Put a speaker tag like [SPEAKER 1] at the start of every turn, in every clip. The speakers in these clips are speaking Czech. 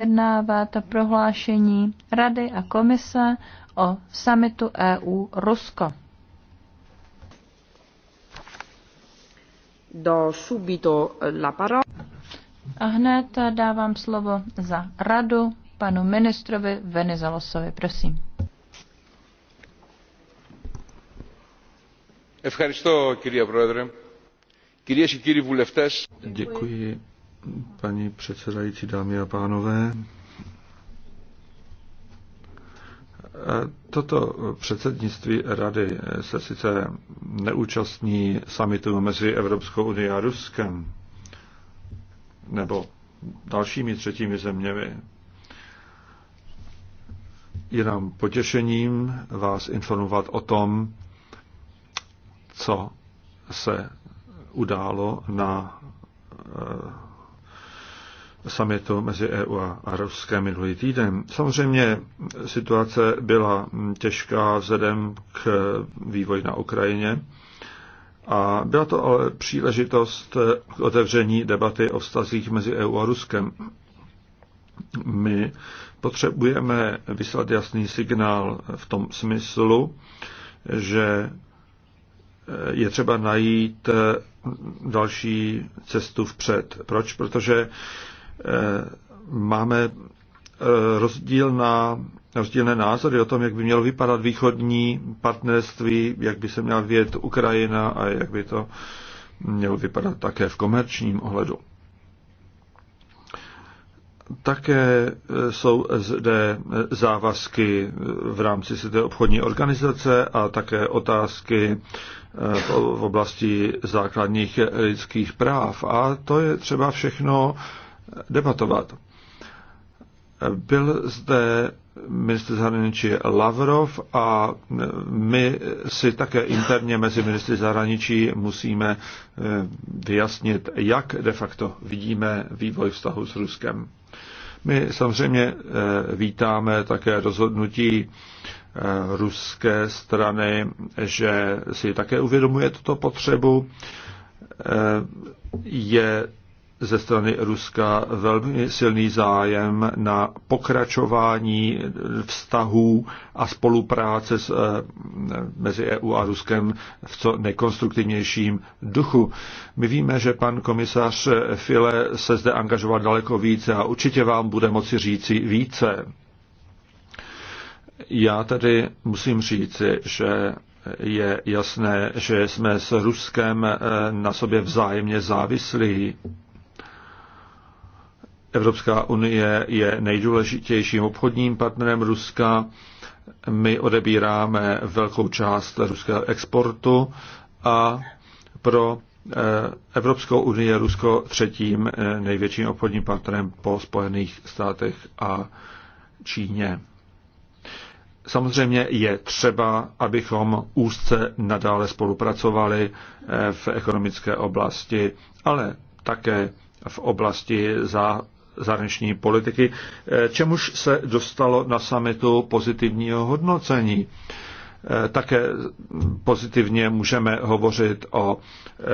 [SPEAKER 1] vyjednávat prohlášení Rady a Komise o samitu EU Rusko.
[SPEAKER 2] Do subito la parola.
[SPEAKER 1] A hned dávám slovo za radu panu ministrovi Venizalosovi. Prosím.
[SPEAKER 3] Děkuji, paní předsedající, dámy a pánové. Toto předsednictví rady se sice neúčastní samitu mezi Evropskou unii a Ruskem nebo dalšími třetími zeměmi. Je nám potěšením vás informovat o tom, co se událo na eh, samitu mezi EU a Ruskem minulý týden. Samozřejmě situace byla těžká vzhledem k vývoji na Ukrajině a byla to ale příležitost k otevření debaty o vztazích mezi EU a Ruskem. My potřebujeme vyslat jasný signál v tom smyslu, že je třeba najít další cestu vpřed. Proč? Protože Eh, máme eh, rozdíl na rozdílné názory o tom, jak by mělo vypadat východní partnerství, jak by se měla vědět Ukrajina a jak by to mělo vypadat také v komerčním ohledu. Také eh, jsou zde závazky v rámci té obchodní organizace a také otázky v oblasti základních lidských práv. A to je třeba všechno debatovat. Byl zde ministr zahraničí Lavrov a my si také interně mezi ministry zahraničí musíme eh, vyjasnit, jak de facto vidíme vývoj vztahu s Ruskem. My samozřejmě eh, vítáme také rozhodnutí eh, ruské strany, že si také uvědomuje tuto potřebu. Je ze strany Ruska velmi silný zájem na pokračování vztahů a spolupráce s, eh, mezi EU a Ruskem v co nejkonstruktivnějším duchu. My víme, že pan komisař File se zde angažoval daleko více a určitě vám bude moci říci více. Já tady musím říci, že je jasné, že jsme s Ruskem eh, na sobě vzájemně závislí. Evropská unie je nejdůležitějším obchodním partnerem Ruska. My odebíráme velkou část ruského exportu a pro eh, Evropskou unii je Rusko třetím eh, největším obchodním partnerem po Spojených státech a Číně. Samozřejmě je třeba, abychom úzce nadále spolupracovali eh, v ekonomické oblasti, ale také v oblasti zahraniční politiky, eh, čemuž se dostalo na samitu pozitivního hodnocení. Eh, také pozitivně můžeme hovořit o eh,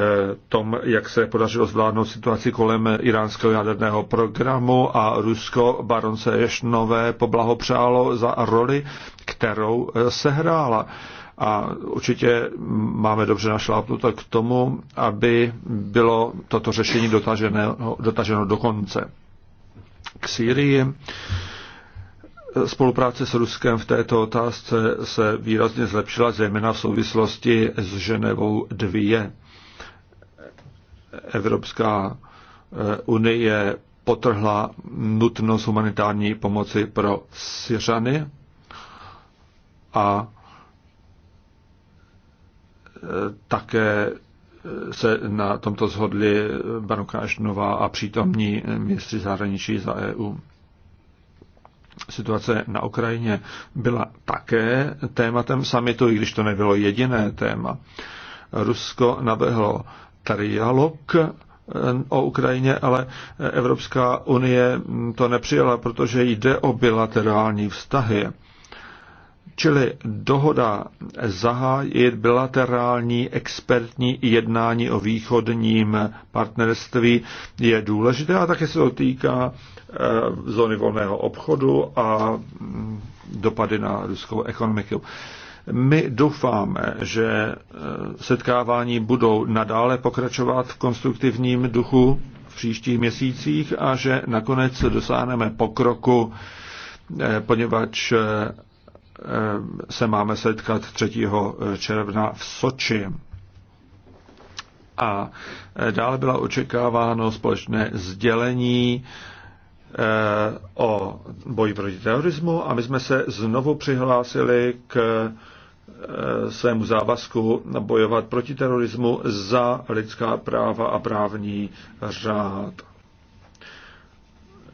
[SPEAKER 3] tom, jak se podařilo zvládnout situaci kolem iránského jaderného programu a Rusko baronce Ješnové poblahopřálo za roli, kterou sehrála. A určitě máme dobře našlápnuto k tomu, aby bylo toto řešení dotaženo, dotaženo do konce k Syrii. Spolupráce s Ruskem v této otázce se výrazně zlepšila, zejména v souvislosti s Ženevou 2. Evropská eh, unie potrhla nutnost humanitární pomoci pro Syřany a eh, také se na tomto shodli Baruka Eštnová a přítomní ministři zahraničí za EU. Situace na Ukrajině byla také tématem samitu, i když to nebylo jediné téma. Rusko navrhlo trialog eh, o Ukrajině, ale Evropská unie to nepřijala, protože jde o bilaterální vztahy. Čili dohoda zahájit bilaterální expertní jednání o východním partnerství je důležité a také se to týká eh, zóny volného obchodu a mm, dopady na ruskou ekonomiku. My doufáme, že eh, setkávání budou nadále pokračovat v konstruktivním duchu v příštích měsících a že nakonec dosáhneme pokroku, eh, poněvadž Eh, se máme setkat 3. Eh, června v Soči. A eh, dále byla očekáváno společné sdělení o boji proti terorismu a my jsme se znovu přihlásili k svému závazku bojovat proti terorismu za lidská práva a právní řád.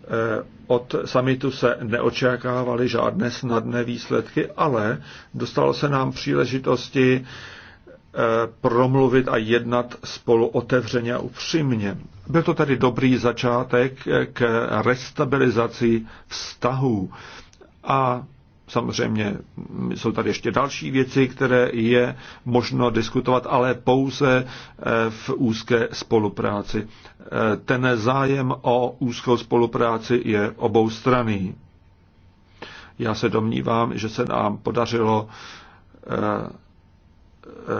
[SPEAKER 3] Eh, od samitu se neočekávaly žádné snadné výsledky, ale dostalo se nám příležitosti eh, promluvit a jednat spolu otevřeně a upřímně. Byl to tedy dobrý začátek eh, k restabilizaci vztahů a Samozřejmě jsou tady ještě další věci, které je možno diskutovat, ale pouze eh, v úzké spolupráci. Eh, ten zájem o úzkou spolupráci je oboustraný. Já se domnívám, že se nám podařilo eh,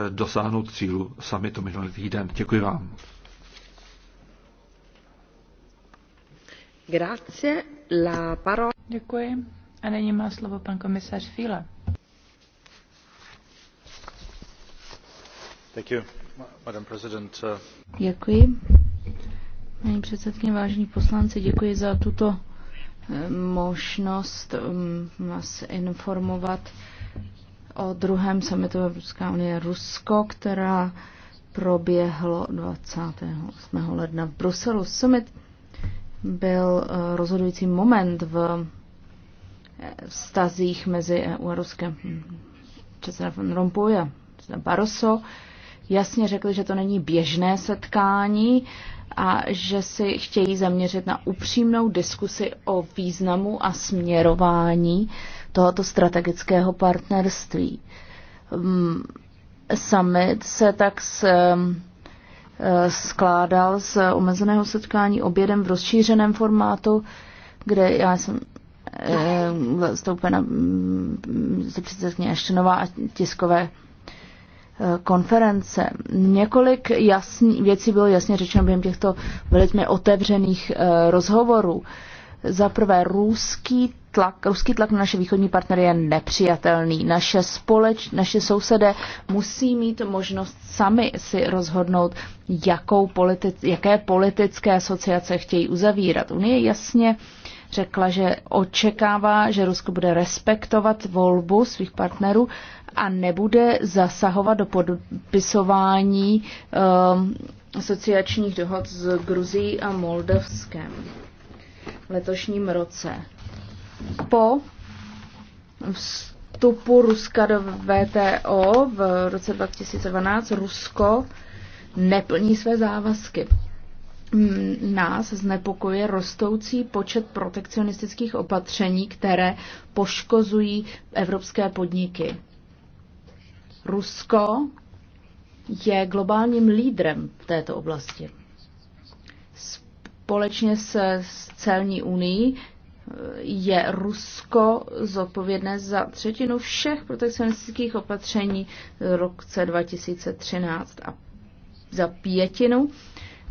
[SPEAKER 3] dosáhnout cílu samitu minulý týden. Děkuji vám.
[SPEAKER 2] Grazie. La
[SPEAKER 1] parola. Děkuji. A nyní má slovo pan komisař Fila.
[SPEAKER 4] Děkuji.
[SPEAKER 5] Paní předsedkyně, vážení poslanci, děkuji za tuto eh, možnost um, vás informovat o druhém summitu Evropská unie Rusko, která proběhlo 28. ledna v Bruselu. Summit byl eh, rozhodující moment v vztazích mezi EU a Ruskem. Předseda Van Rompuy a Barroso jasně řekli, že to není běžné setkání a že si chtějí zaměřit na upřímnou diskusi o významu a směrování tohoto strategického partnerství. Mm, summit se tak s, eh, skládal z omezeného setkání obědem v rozšířeném formátu, kde já jsem zastoupena eh, mm, předsedkyně Eštenová a tiskové eh, konference. Několik jasný, věcí bylo jasně řečeno během těchto velmi otevřených eh, rozhovorů. Za prvé, ruský tlak, ruský tlak na naše východní partnery je nepřijatelný. Naše společ, naše sousedé musí mít možnost sami si rozhodnout, jakou politi- jaké politické asociace chtějí uzavírat. Unie jasně uh, řekla, že očekává, že Rusko bude respektovat volbu svých partnerů a nebude zasahovat do podpisování um, ehm, asociačních dohod s Gruzií a Moldavskem v letošním roce. Po vstupu Ruska do VTO v roce 2012 Rusko neplní své závazky. Mm, nás znepokuje rostoucí počet protekcionistických opatření, které poškozují evropské podniky. Rusko je globálním lídrem v této oblasti. Společně se s celní unii eh, je Rusko zodpovědné za třetinu všech protekcionistických opatření v roce 2013 a za pětinu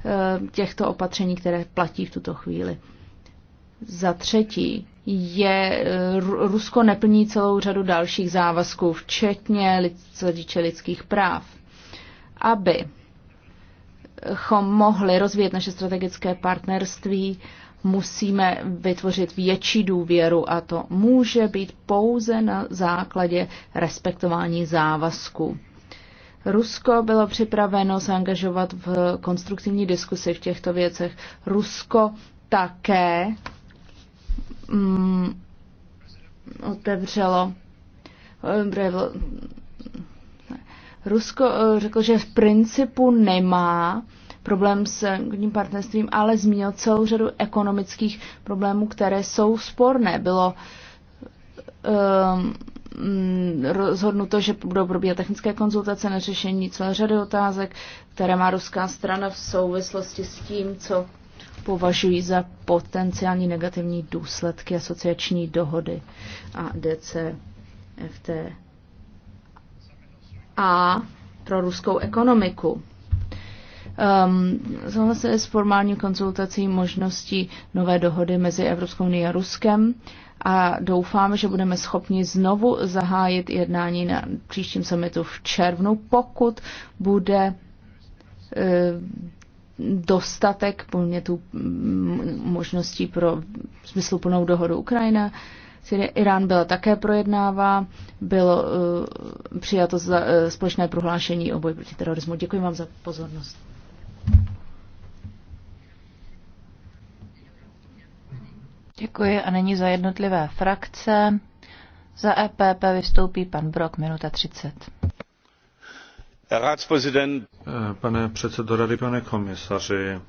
[SPEAKER 5] Eh, těchto opatření, které platí v tuto chvíli. Za třetí, je eh, Rusko neplní celou řadu dalších závazků, včetně lidské lidských práv. Aby chom mohli rozvíjet naše strategické partnerství, musíme vytvořit větší důvěru a to může být pouze na základě respektování závazků. Rusko bylo připraveno se angažovat v konstruktivní diskusi v těchto věcech. Rusko také mm, otevřelo. Eh, Rusko eh, řekl, že v principu nemá problém s tím partnerstvím, ale zmínil celou řadu ekonomických problémů, které jsou sporné. Bylo um, Mm, rozhodnuto, že budou probíhat technické konzultace na řešení celé řady otázek, které má ruská strana v souvislosti s tím, co považují za potenciální negativní důsledky asociační dohody a DCFT a pro ruskou ekonomiku. Um, Souhlasili s formální konzultací možností nové dohody mezi Evropskou unii a Ruskem. Uh, a doufám, že budeme schopni znovu zahájit jednání na příštím summitu v červnu, pokud bude eh, dostatek podnětů mm, možností pro smysluplnou dohodu Ukrajina. Irán byla také projednává, bylo eh, přijato eh, společné prohlášení o boji proti terorismu. Děkuji vám za pozornost. Děkuji a není za
[SPEAKER 1] jednotlivé frakce. Za EPP vystoupí pan Brok, minuta 30.
[SPEAKER 3] Pane předsedo rady, pane komisaři,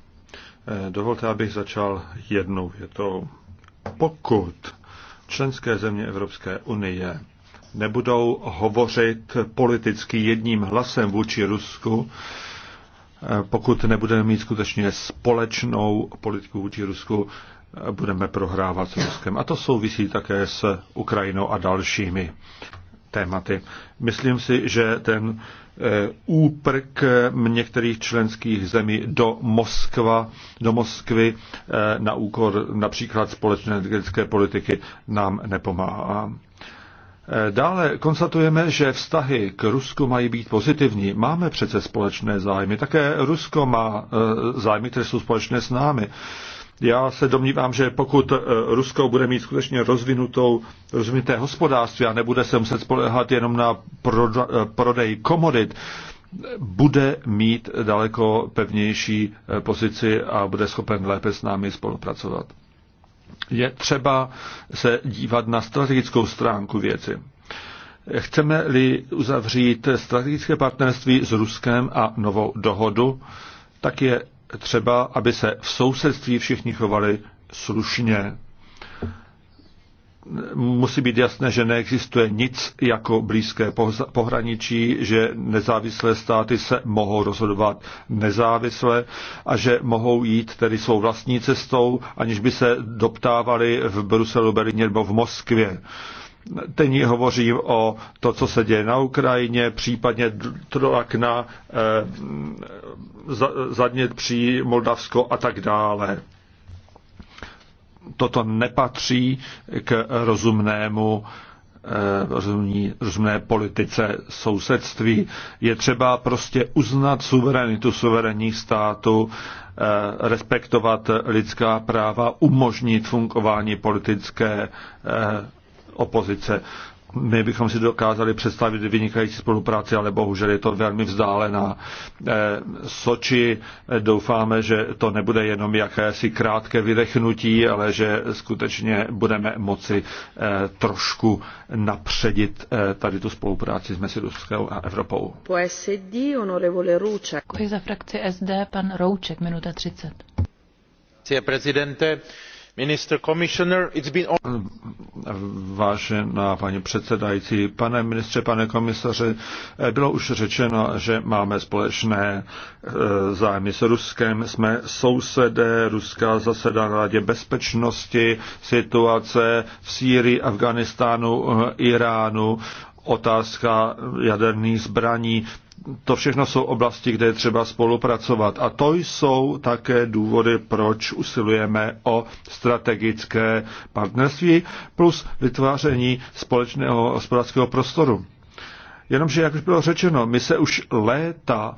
[SPEAKER 3] dovolte, abych začal jednou větou. Pokud členské země Evropské unie nebudou hovořit politicky jedním hlasem vůči Rusku, pokud nebudeme mít skutečně společnou politiku vůči Rusku, budeme prohrávat s Ruskem. A to souvisí také s Ukrajinou a dalšími tématy. Myslím si, že ten eh, úprk eh, některých členských zemí do, Moskva, do Moskvy eh, na úkor například společné energetické politiky nám nepomáhá. Dále konstatujeme, že vztahy k Rusku mají být pozitivní. Máme přece společné zájmy. Také Rusko má zájmy, které jsou společné s námi. Já se domnívám, že pokud eh, Rusko bude mít skutečně rozvinutou, rozvinuté hospodářství a nebude se muset spolehat jenom na eh, prodej komodit, bude mít daleko pevnější eh, pozici a bude schopen lépe s námi spolupracovat. Je třeba se dívat na strategickou stránku věci. Chceme-li uzavřít strategické partnerství s Ruskem a novou dohodu, tak je třeba, aby se v sousedství všichni chovali slušně. Musí být jasné, že neexistuje nic jako blízké pohraničí, že nezávislé státy se mohou rozhodovat nezávisle a že mohou jít tedy svou vlastní cestou, aniž by se doptávali v Bruselu, Berlíně nebo v Moskvě Teď hovořím o to, co se děje na Ukrajině, případně tlak na eh, při Moldavsko a tak dále. Toto nepatří k rozumnému eh, rozumné politice sousedství. Je třeba prostě uznat suverenitu suverénních států, eh, respektovat lidská práva, umožnit fungování politické opozice. My bychom si dokázali představit vynikající spolupráci, ale bohužel je to velmi vzdálená. Eh, Soči doufáme, že to nebude jenom jakési krátké vydechnutí, ale že skutečně budeme moci eh, trošku napředit eh, tady tu spolupráci s Mesiruskou a Evropou.
[SPEAKER 1] Po SD, honorevole Růček. Děkuji za frakci SD, pan Rouček, minuta 30.
[SPEAKER 3] Pane prezidente, Vážená paní předsedající, pane ministře, pane komisaři, eh, bylo už řečeno, že máme společné eh, zájmy s Ruskem, jsme sousedé, Ruska zasedá na radě bezpečnosti, situace v Sýrii, Afghánistánu, eh, Iránu, otázka jaderných zbraní to všechno jsou oblasti, kde je třeba spolupracovat. A to jsou také důvody, proč usilujeme o strategické partnerství plus vytváření společného hospodářského prostoru. Jenomže, jak už bylo řečeno, my se už léta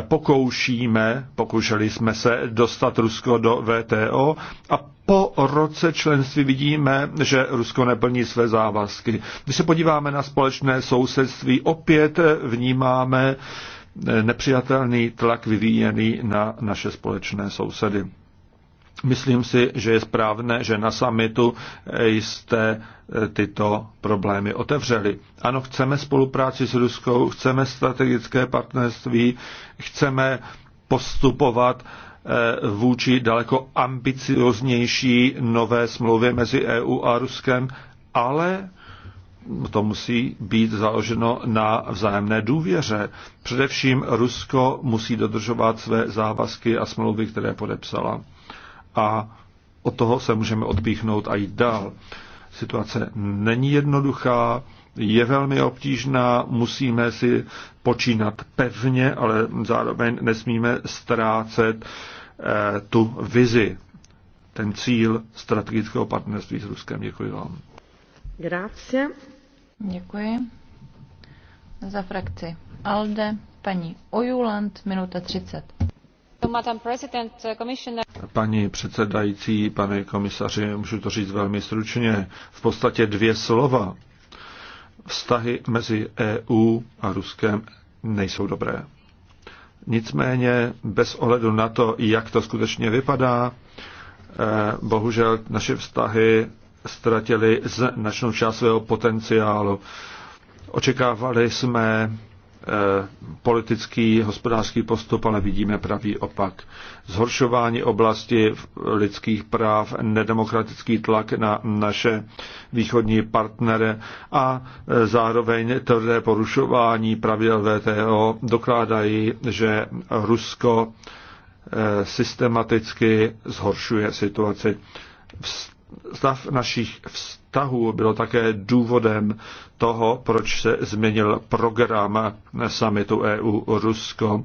[SPEAKER 3] pokoušíme, pokoušeli jsme se dostat Rusko do VTO a po roce členství vidíme, že Rusko neplní své závazky. Když se podíváme na společné sousedství, opět vnímáme nepřijatelný tlak vyvíjený na naše společné sousedy. Myslím si, že je správné, že na summitu eh, jste eh, tyto problémy otevřeli. Ano, chceme spolupráci s Ruskou, chceme strategické partnerství, chceme postupovat eh, vůči daleko ambicioznější nové smlouvě mezi EU a Ruskem, ale to musí být založeno na vzájemné důvěře. Především Rusko musí dodržovat své závazky a smlouvy, které podepsala a od toho se můžeme odpíchnout a jít dál. Situace není jednoduchá, je velmi obtížná, musíme si počínat pevně, ale zároveň nesmíme ztrácet eh, tu vizi, ten cíl strategického partnerství s Ruskem. Děkuji vám.
[SPEAKER 2] Grazie.
[SPEAKER 1] Děkuji. Za frakci ALDE paní Ojuland, minuta 30.
[SPEAKER 2] Eh,
[SPEAKER 3] Paní předsedající, pane komisaři, můžu to říct velmi stručně. V podstatě dvě slova. Vztahy mezi EU a Ruskem nejsou dobré. Nicméně, bez ohledu na to, jak to skutečně vypadá, eh, bohužel naše vztahy ztratily značnou část svého potenciálu. Očekávali jsme Eh, politický, hospodářský postup, ale vidíme pravý opak. Zhoršování oblasti lidských práv, nedemokratický tlak na naše východní partnere a eh, zároveň tvrdé porušování pravidel VTO dokládají, že Rusko eh, systematicky zhoršuje situaci. Stav našich vztahů bylo také důvodem toho, proč se změnil program samitu EU-Rusko.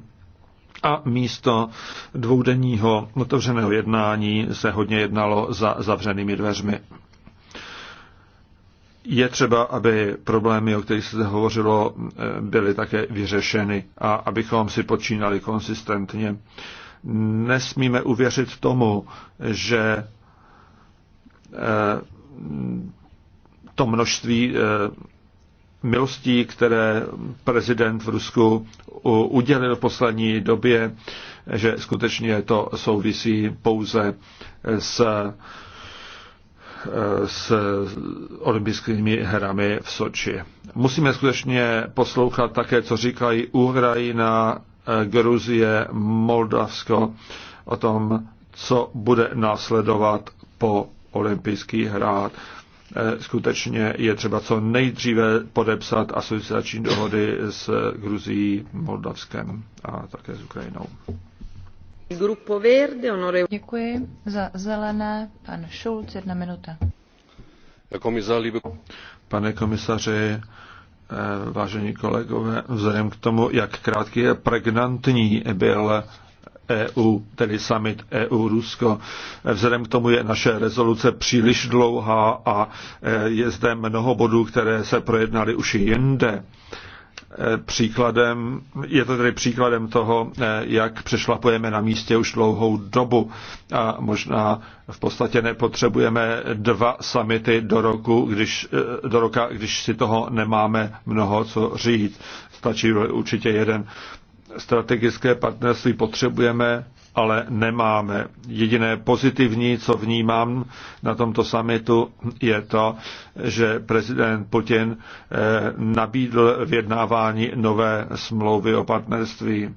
[SPEAKER 3] A místo dvoudenního otevřeného jednání se hodně jednalo za zavřenými dveřmi. Je třeba, aby problémy, o kterých se zde hovořilo, byly také vyřešeny a abychom si počínali konsistentně. Nesmíme uvěřit tomu, že Eh, to množství eh, milostí, které prezident v Rusku udělil v poslední době, že skutečně to souvisí pouze s, eh, s olympijskými hrami v Soči. Musíme skutečně poslouchat také, co říkají Ukrajina, Gruzie, Moldavsko o tom, co bude následovat po olympijských hrát. E, skutečně je třeba co nejdříve podepsat asociační dohody s Gruzií, Moldavskem a také s Ukrajinou.
[SPEAKER 2] Děkuji
[SPEAKER 1] za zelené. Pan Schulz, jedna minuta.
[SPEAKER 3] Pane komisaři, e, vážení kolegové, vzhledem k tomu, jak krátký a pregnantní byl EU, tedy summit EU-Rusko. Vzhledem k tomu je naše rezoluce příliš dlouhá a e, je zde mnoho bodů, které se projednaly už jinde. E, příkladem, je to tedy příkladem toho, e, jak přešlapujeme na místě už dlouhou dobu a možná v podstatě nepotřebujeme dva samity do, roku, když, do roka, když si toho nemáme mnoho co říct. Stačí určitě jeden strategické partnerství potřebujeme, ale nemáme. Jediné pozitivní, co vnímám na tomto samitu, je to, že prezident Putin eh, nabídl vyjednávání nové smlouvy o partnerství.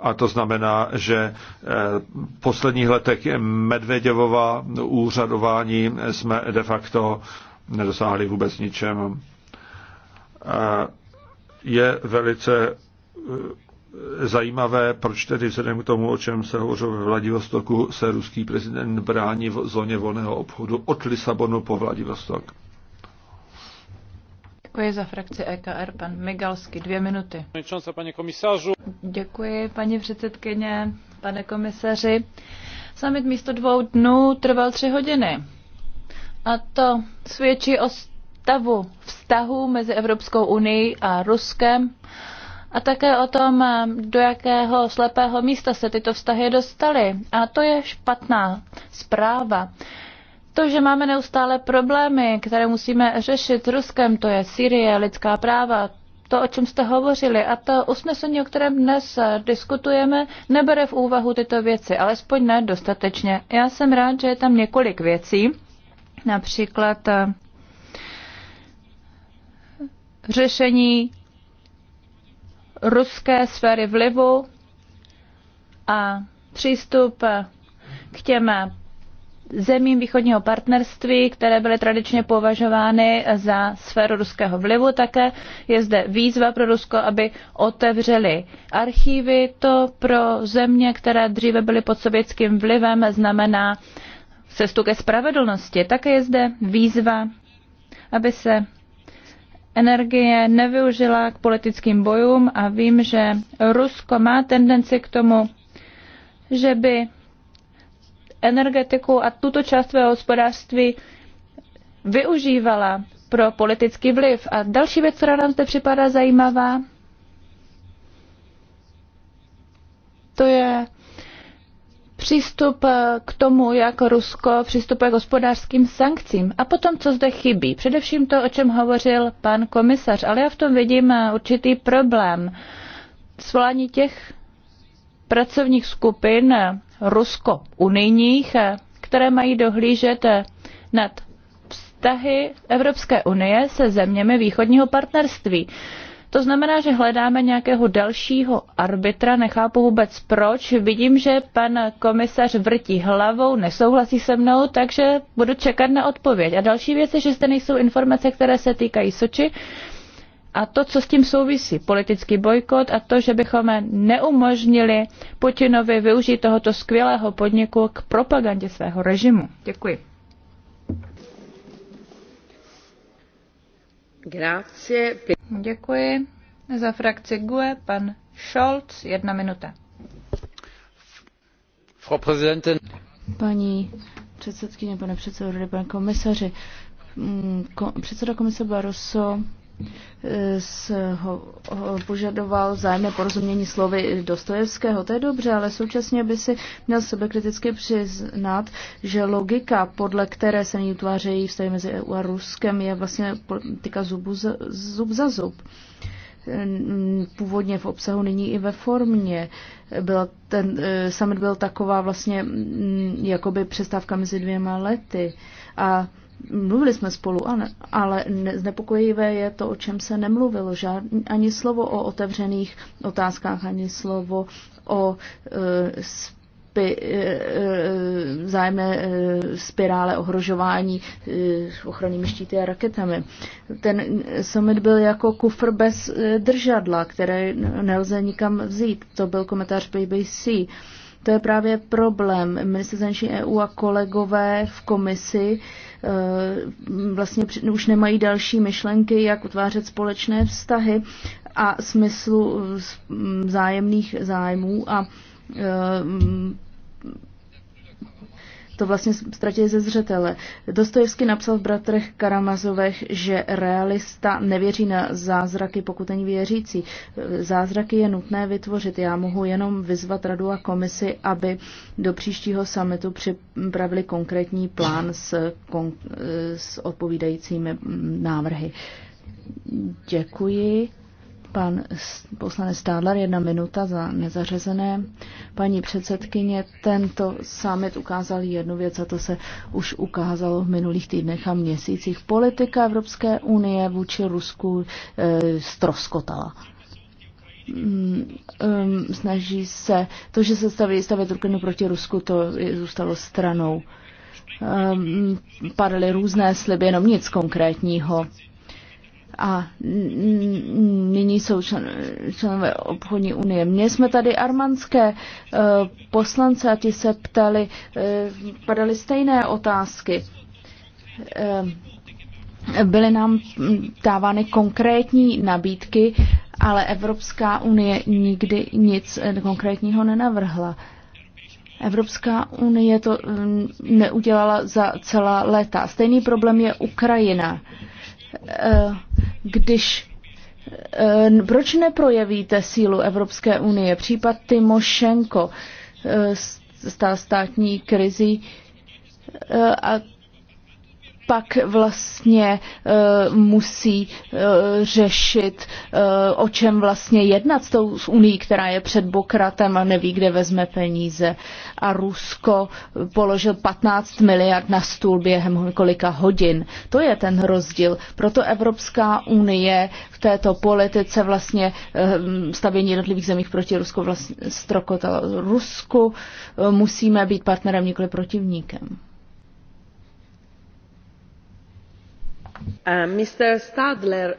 [SPEAKER 3] A to znamená, že eh, v posledních letech Medvěděvova úřadování jsme de facto nedosáhli vůbec ničem. Eh, je velice zajímavé, proč tedy vzhledem k tomu, o čem se hovořilo ve Vladivostoku, se ruský prezident brání v zóně volného obchodu od Lisabonu po Vladivostok.
[SPEAKER 1] Děkuji za frakci EKR, pan Migalsky, dvě minuty. Děkuji, paní předsedkyně, pane komisaři. Summit místo dvou dnů trval tři hodiny. A to svědčí o stavu vztahu mezi Evropskou unii a Ruskem a také o tom, eh, do jakého slepého místa se tyto vztahy dostaly. A to je špatná zpráva. To, že máme neustále problémy, které musíme řešit s Ruskem, to je Syrie, lidská práva, to, o čem jste hovořili a to usnesení, o kterém dnes eh, diskutujeme, nebere v úvahu tyto věci, alespoň ne dostatečně. Já jsem rád, že je tam několik věcí, například eh, řešení ruské sféry vlivu a přístup k těm zemím východního partnerství, které byly tradičně považovány za sféru ruského vlivu také. Je zde výzva pro Rusko, aby otevřeli archívy. To pro země, které dříve byly pod sovětským vlivem, znamená cestu ke spravedlnosti. Také je zde výzva, aby se energie nevyužila k politickým bojům a vím, že Rusko má tendenci k tomu, že by energetiku a tuto část svého hospodářství využívala pro politický vliv. A další věc, která nám zde připadá zajímavá, to je přístup eh, k tomu, jak Rusko přistupuje k hospodářským sankcím. A potom, co zde chybí. Především to, o čem hovořil pan komisař, ale já v tom vidím eh, určitý problém. Svolání těch pracovních skupin eh, rusko-unijních, které mají dohlížet nad vztahy Evropské unie se zeměmi východního partnerství. To znamená, že hledáme nějakého dalšího arbitra, nechápu vůbec proč. Vidím, že pan komisař vrtí hlavou, nesouhlasí se mnou, takže budu čekat na odpověď. A další věc je, že zde nejsou informace, které se týkají Soči a to, co s tím souvisí, politický bojkot a to, že bychom neumožnili Putinovi využít tohoto skvělého podniku k propagandě svého režimu. Děkuji. Děkuji. Za frakci
[SPEAKER 5] GUE pan Scholz, jedna minuta.
[SPEAKER 4] Frau Präsidentin.
[SPEAKER 5] Paní předsedkyně, pane předsedo, pane komisaři, mm, předseda komise Barroso ho, ho, požadoval zájemné porozumění slovy Dostojevského. To je dobře, ale současně by si měl sebe kriticky přiznat, že logika, podle které se nyní utvářejí vztahy mezi EU a Ruskem, je vlastně politika zubu za, zub za zub. Původně v obsahu, nyní i ve formě. Byl ten e, summit byl taková vlastně jakoby přestávka mezi dvěma lety. A mluvili jsme spolu, ale znepokojivé je to, o čem se nemluvilo. Žádný, ani slovo o otevřených otázkách, ani slovo o e, spi, e, e, e spirále ohrožování e, ochrannými štíty a raketami. Ten summit byl jako kufr bez e, držadla, které nelze nikam vzít. To byl komentář BBC. E, to je právě problém. Minister zahraničí EU a kolegové v komisi eh, vlastně už nemají další myšlenky, jak utvářet společné vztahy a smyslu mm, vzájemných zájmů a eh, to vlastně ztratili ze zřetele. Dostojevsky napsal v Bratrech Karamazovech, že realista nevěří na zázraky, pokud není věřící. Zázraky je nutné vytvořit. Já mohu jenom vyzvat radu a komisi, aby do příštího summitu připravili konkrétní plán s, kon- s odpovídajícími mm, návrhy. Děkuji. Pan poslanec Stádlar jedna minuta za nezařazené. Paní předsedkyně, tento summit ukázal jednu věc a to se už ukázalo v minulých týdnech a měsících. Politika Evropské unie vůči Rusku e, eh, stroskotala um, mm, mm, snaží se, to, že se staví, stavět Turkenu proti Rusku, to je, zůstalo stranou. Um, ehm, padaly různé sliby, jenom nic konkrétního a nyní jsou člen, členové obchodní unie. Měli jsme tady armanské e, eh, poslance a ti se ptali, e, padaly stejné otázky. E, byly nám dávány konkrétní nabídky, ale Evropská unie nikdy nic konkrétního nenavrhla. Evropská unie to neudělala za celá léta. Stejný problém je Ukrajina. E, když eh, proč neprojevíte sílu Evropské unie? Případ e, eh, stál státní krizi eh, a pak vlastně uh, musí uh, řešit, uh, o čem vlastně jednat s tou s Unii, která je před Bokratem a neví, kde vezme peníze. A Rusko položil 15 miliard na stůl během několika hodin. To je ten rozdíl. Proto Evropská unie v této politice vlastně uh, stavění jednotlivých zemích proti Rusku vlastně strokotala. Rusku uh, musíme být partnerem, nikoli protivníkem.
[SPEAKER 1] Eh, Stadler,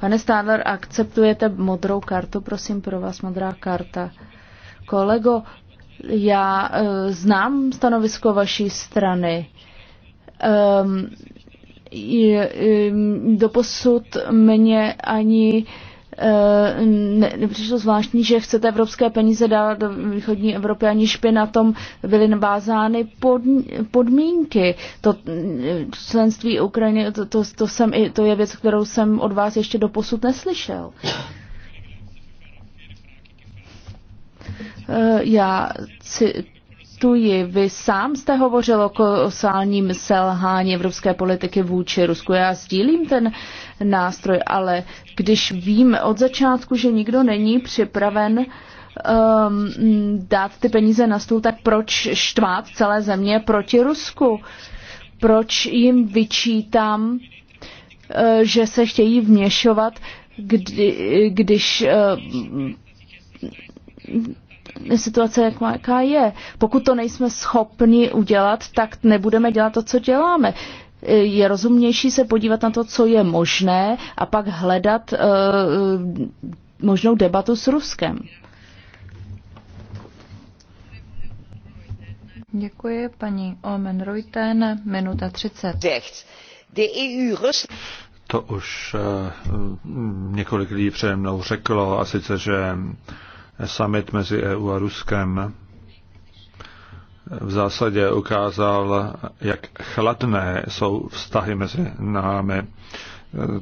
[SPEAKER 5] Pane Stadler, akceptujete modrou kartu? Prosím pro vás, modrá karta. Kolego, já uh, znám stanovisko vaší strany. Um, doposud mě ani uh, Eh, ne, nepřišlo zvláštní, že chcete evropské peníze dát do východní Evropy, aniž by na tom byly nabázány pod, podmínky. To eh, členství Ukrajiny, to, to, to, jsem, to je věc, kterou jsem od vás ještě do posud neslyšel. Eh, já cituji, vy sám jste hovořil o kolosálním selhání evropské politiky vůči Rusku. Já sdílím ten nástroj, ale když vím od začátku, že nikdo není připraven um, dát ty peníze na stůl, tak proč štvát celé země proti Rusku? Proč jim vyčítám, uh, že se chtějí vměšovat, kdy, když uh, situace, jak má, jaká je. Pokud to nejsme schopni udělat, tak nebudeme dělat to, co děláme. Je rozumnější se podívat na to, co je možné a pak hledat uh, možnou debatu s Ruskem.
[SPEAKER 1] Děkuji, paní Omen Reuten, minuta 30. E
[SPEAKER 3] to už uh, několik lidí přede mnou řeklo, a sice, že uh, summit mezi EU a Ruskem v zásadě ukázal, jak chladné jsou vztahy mezi námi.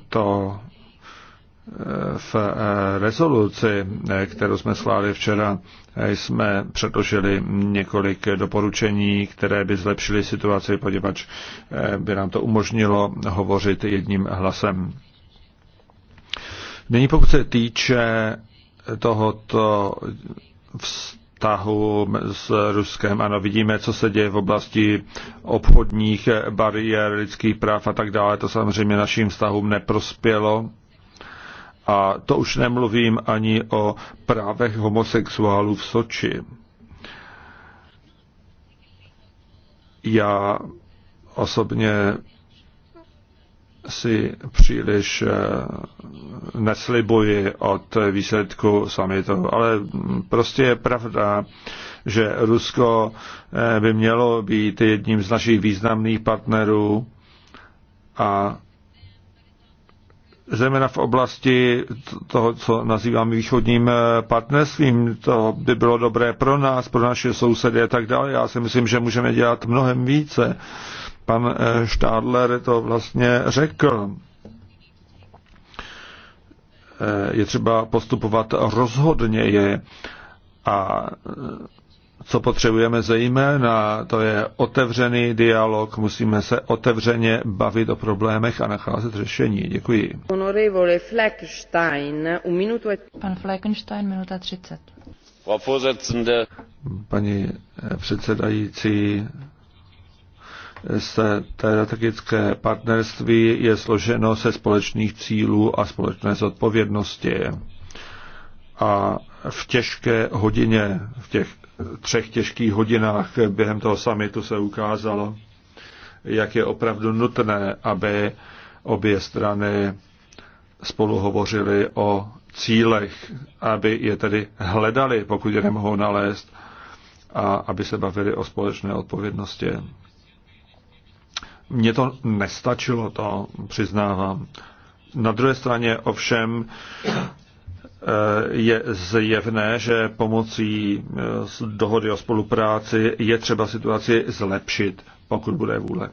[SPEAKER 3] To eh, v eh, rezoluci, eh, kterou jsme schválili včera, jsme předložili několik doporučení, které by zlepšily situaci, poněvadž by nám to umožnilo hovořit jedním hlasem. Nyní pokud se týče tohoto vztahu s Ruskem. Ano, vidíme, co se děje v oblasti obchodních bariér, lidských práv a tak dále. To samozřejmě našim vztahům neprospělo. A to už nemluvím ani o právech homosexuálů v Soči. Já osobně si příliš eh, neslibuji od výsledku samitu, ale prostě je pravda, že Rusko eh, by mělo být jedním z našich významných partnerů a zejména v oblasti toho, co nazýváme východním eh, partnerstvím. To by bylo dobré pro nás, pro naše sousedy a tak dále. Já si myslím, že můžeme dělat mnohem více Pan eh, Stadler to vlastně řekl. Eh, je třeba postupovat rozhodněji a eh, co potřebujeme zejména, to je otevřený dialog. Musíme se otevřeně bavit o problémech a nacházet řešení. Děkuji.
[SPEAKER 1] Honorevole
[SPEAKER 2] minutu... Pan
[SPEAKER 1] Fleckenstein, minuta 30.
[SPEAKER 3] Paní předsedající, se strategické partnerství je složeno se společných cílů a společné zodpovědnosti. A v těžké hodině, v těch třech těžkých hodinách během toho samitu se ukázalo, jak je opravdu nutné, aby obě strany spolu hovořili o cílech, aby je tedy hledali, pokud je nemohou nalézt, a aby se bavili o společné odpovědnosti. Mně to nestačilo, to přiznávám. Na druhé straně ovšem eh, je zjevné, že pomocí eh, dohody o spolupráci je třeba situaci zlepšit, pokud bude vůle.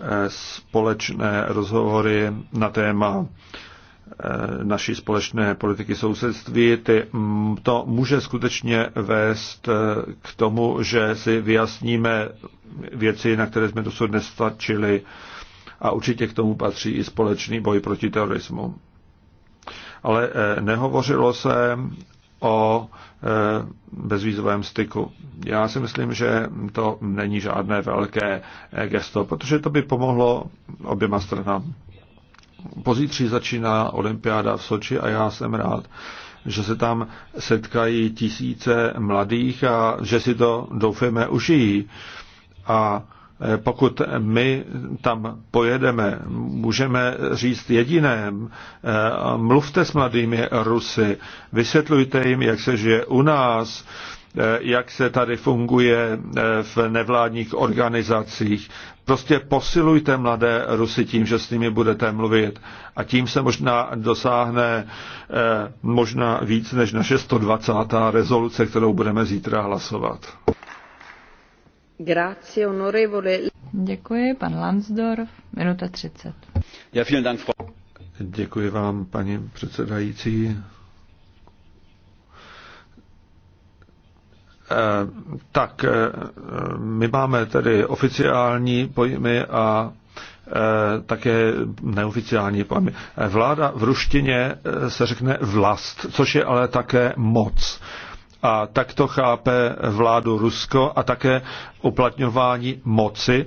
[SPEAKER 3] Eh, společné rozhovory na téma Eh, naší společné politiky sousedství, ty, mm, to může skutečně vést eh, k tomu, že si vyjasníme věci, na které jsme dosud nestačili a určitě k tomu patří i společný boj proti terorismu. Ale eh, nehovořilo se o bezvízovém styku. Já si myslím, že to není žádné velké gesto, protože to by pomohlo oběma stranám pozítří začíná olympiáda v Soči a já jsem rád, že se tam setkají tisíce mladých a že si to, doufejme, užijí. A e, pokud my tam pojedeme, můžeme říct jediné, e, mluvte s mladými Rusy, vysvětlujte jim, jak se žije u nás, Eh, jak se tady funguje eh, v nevládních organizacích. Prostě posilujte mladé Rusy tím, že s nimi budete mluvit a tím se možná dosáhne eh, možná víc než naše 120. rezoluce, kterou budeme zítra hlasovat.
[SPEAKER 2] Grazie, onorevole.
[SPEAKER 1] Děkuji, pan Lansdorf, minuta 30.
[SPEAKER 3] Děkuji vám, paní předsedající. Eh, tak eh, my máme tedy oficiální pojmy a eh, také neoficiální pojmy. Vláda v ruštině se řekne vlast, což je ale také moc. A tak to chápe vládu Rusko a také uplatňování moci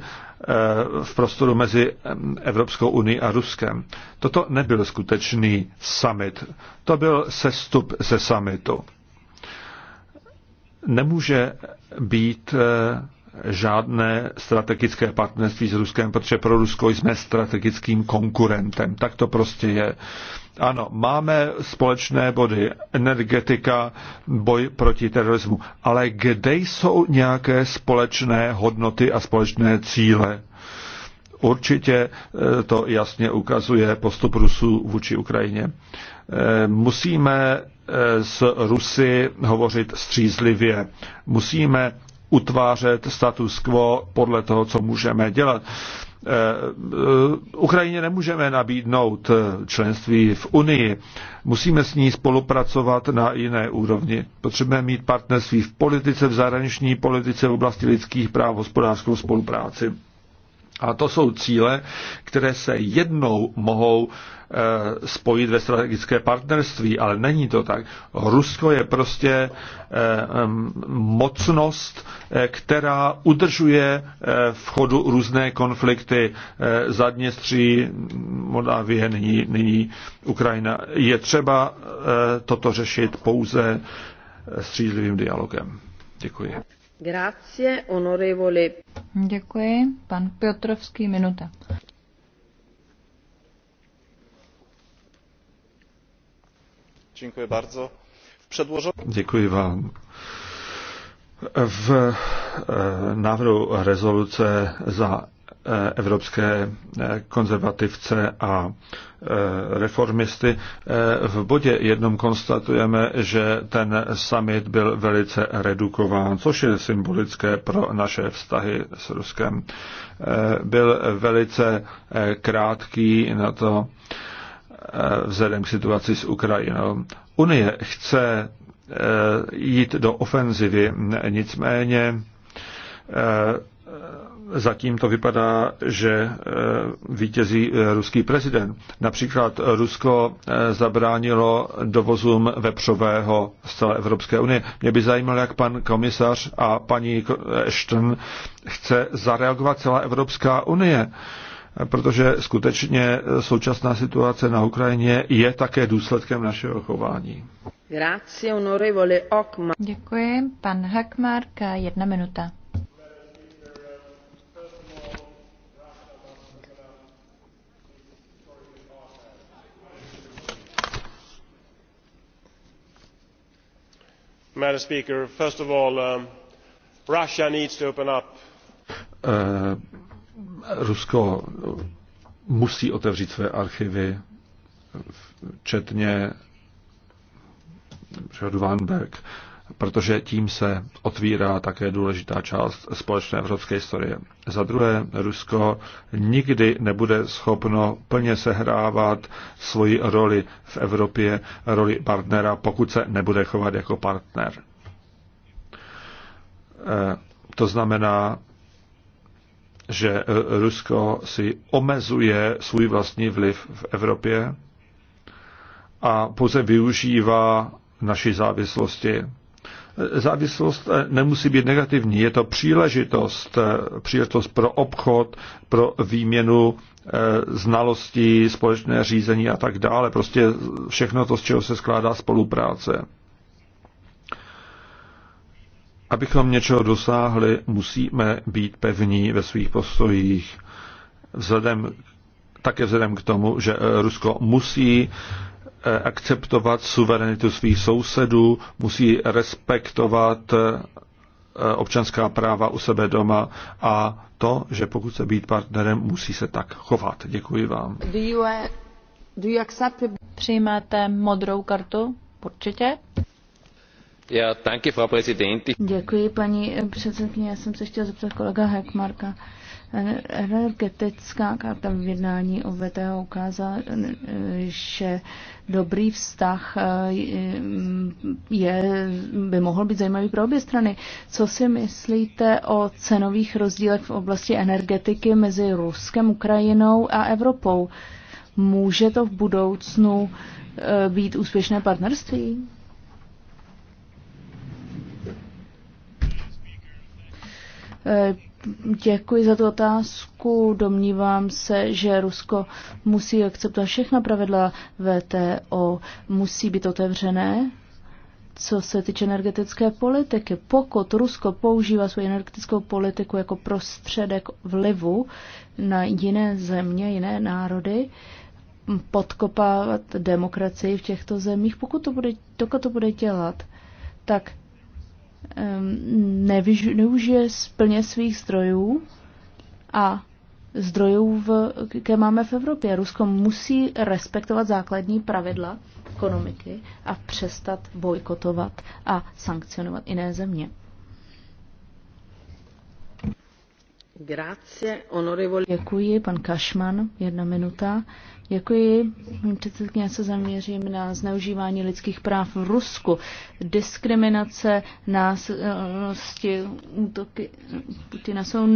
[SPEAKER 3] v prostoru mezi Evropskou unii a Ruskem. Toto nebyl skutečný summit, to byl sestup ze summitu nemůže být eh, žádné strategické partnerství s Ruskem, protože pro Rusko jsme strategickým konkurentem. Tak to prostě je. Ano, máme společné body, energetika, boj proti terorismu, ale kde jsou nějaké společné hodnoty a společné cíle? Určitě eh, to jasně ukazuje postup Rusů vůči Ukrajině. Eh, musíme s Rusy hovořit střízlivě. Musíme utvářet status quo podle toho, co můžeme dělat. Eh, Ukrajině nemůžeme nabídnout členství v Unii. Musíme s ní spolupracovat na jiné úrovni. Potřebujeme mít partnerství v politice, v zahraniční politice, v oblasti lidských práv, hospodářskou spolupráci. A to jsou cíle, které se jednou mohou Eh, spojit ve strategické partnerství, ale není to tak. Rusko je prostě eh, mocnost, eh, která udržuje v chodu různé konflikty Zadněstří, Moldávie, nyní, nyní Ukrajina. Je třeba toto řešit pouze střízlivým dialogem. Děkuji.
[SPEAKER 2] Grazie, onorevole. Děkuji.
[SPEAKER 1] Pan Piotrovský, minuta.
[SPEAKER 3] Děkuji bardzo. V vám. V návrhu rezoluce za e, evropské e, konzervativce a e, reformisty. V bodě jednom konstatujeme, že ten summit byl velice redukován, což je symbolické pro naše vztahy s Ruskem. Byl velice krátký na to, Eh, vzhledem k situaci s Ukrajinou. Unie chce eh, jít do ofenzivy, nicméně eh, zatím to vypadá, že vítězí ruský prezident. Například Rusko zabránilo dovozům vepřového z celé Evropské unie. Mě by zajímalo, jak pan komisař a paní Ashton chce zareagovat celá Evropská unie protože skutečně současná situace na Ukrajině je také důsledkem našeho chování.
[SPEAKER 1] Děkuji. Pan Hakmark, jedna minuta.
[SPEAKER 4] madam president first of all um, russia needs to open up.
[SPEAKER 3] Uh Rusko musí otevřít své archivy, včetně přehodu Weinberg, protože tím se otvírá také důležitá část společné evropské historie. Za druhé, Rusko nikdy nebude schopno plně sehrávat svoji roli v Evropě, roli partnera, pokud se nebude chovat jako partner. E, to znamená, že eh, Rusko si omezuje svůj vlastní vliv v Evropě a pouze využívá naší závislosti. Eh, závislost eh, nemusí být negativní, je to příležitost, příležitost pro obchod, pro výměnu znalostí, společné řízení a tak dále. Prostě všechno to, z čeho se skládá spolupráce. Abychom něčeho dosáhli, musíme být pevní ve svých postojích. Vzhledem, také vzhledem k tomu, že eh, Rusko musí eh, akceptovat suverenitu svých sousedů, musí respektovat eh, občanská práva u sebe doma a to, že pokud se být partnerem, musí se tak chovat. Děkuji vám.
[SPEAKER 1] Do you, do you
[SPEAKER 5] Přijímáte modrou kartu? Určitě. Děkuji, paní předsedkyně. Já jsem se chtěla zeptat kolega Hekmarka. Energetická karta v jednání o VTO ukázala, že dobrý vztah eh, je, by mohl být zajímavý pro obě strany. Co si myslíte o cenových rozdílech v oblasti energetiky mezi Ruskem, Ukrajinou a Evropou? Může to v budoucnu eh, být úspěšné partnerství? Děkuji za tu otázku. Domnívám se, že Rusko musí akceptovat všechna pravidla VTO, musí být otevřené. Co se týče energetické politiky, pokud Rusko používá svou energetickou politiku jako prostředek vlivu na jiné země, jiné národy, podkopávat demokracii v těchto zemích, pokud to bude, dokud to bude dělat, tak Ehm, neužije plně svých zdrojů a zdrojů, v, které máme v Evropě. Rusko musí respektovat základní pravidla ekonomiky a přestat bojkotovat a sankcionovat jiné země. Děkuji, pan Kašman, jedna minuta. Děkuji, paní předsedkyně, se zaměřím na zneužívání lidských práv v Rusku. Diskriminace, násilnosti, útoky Putina jsou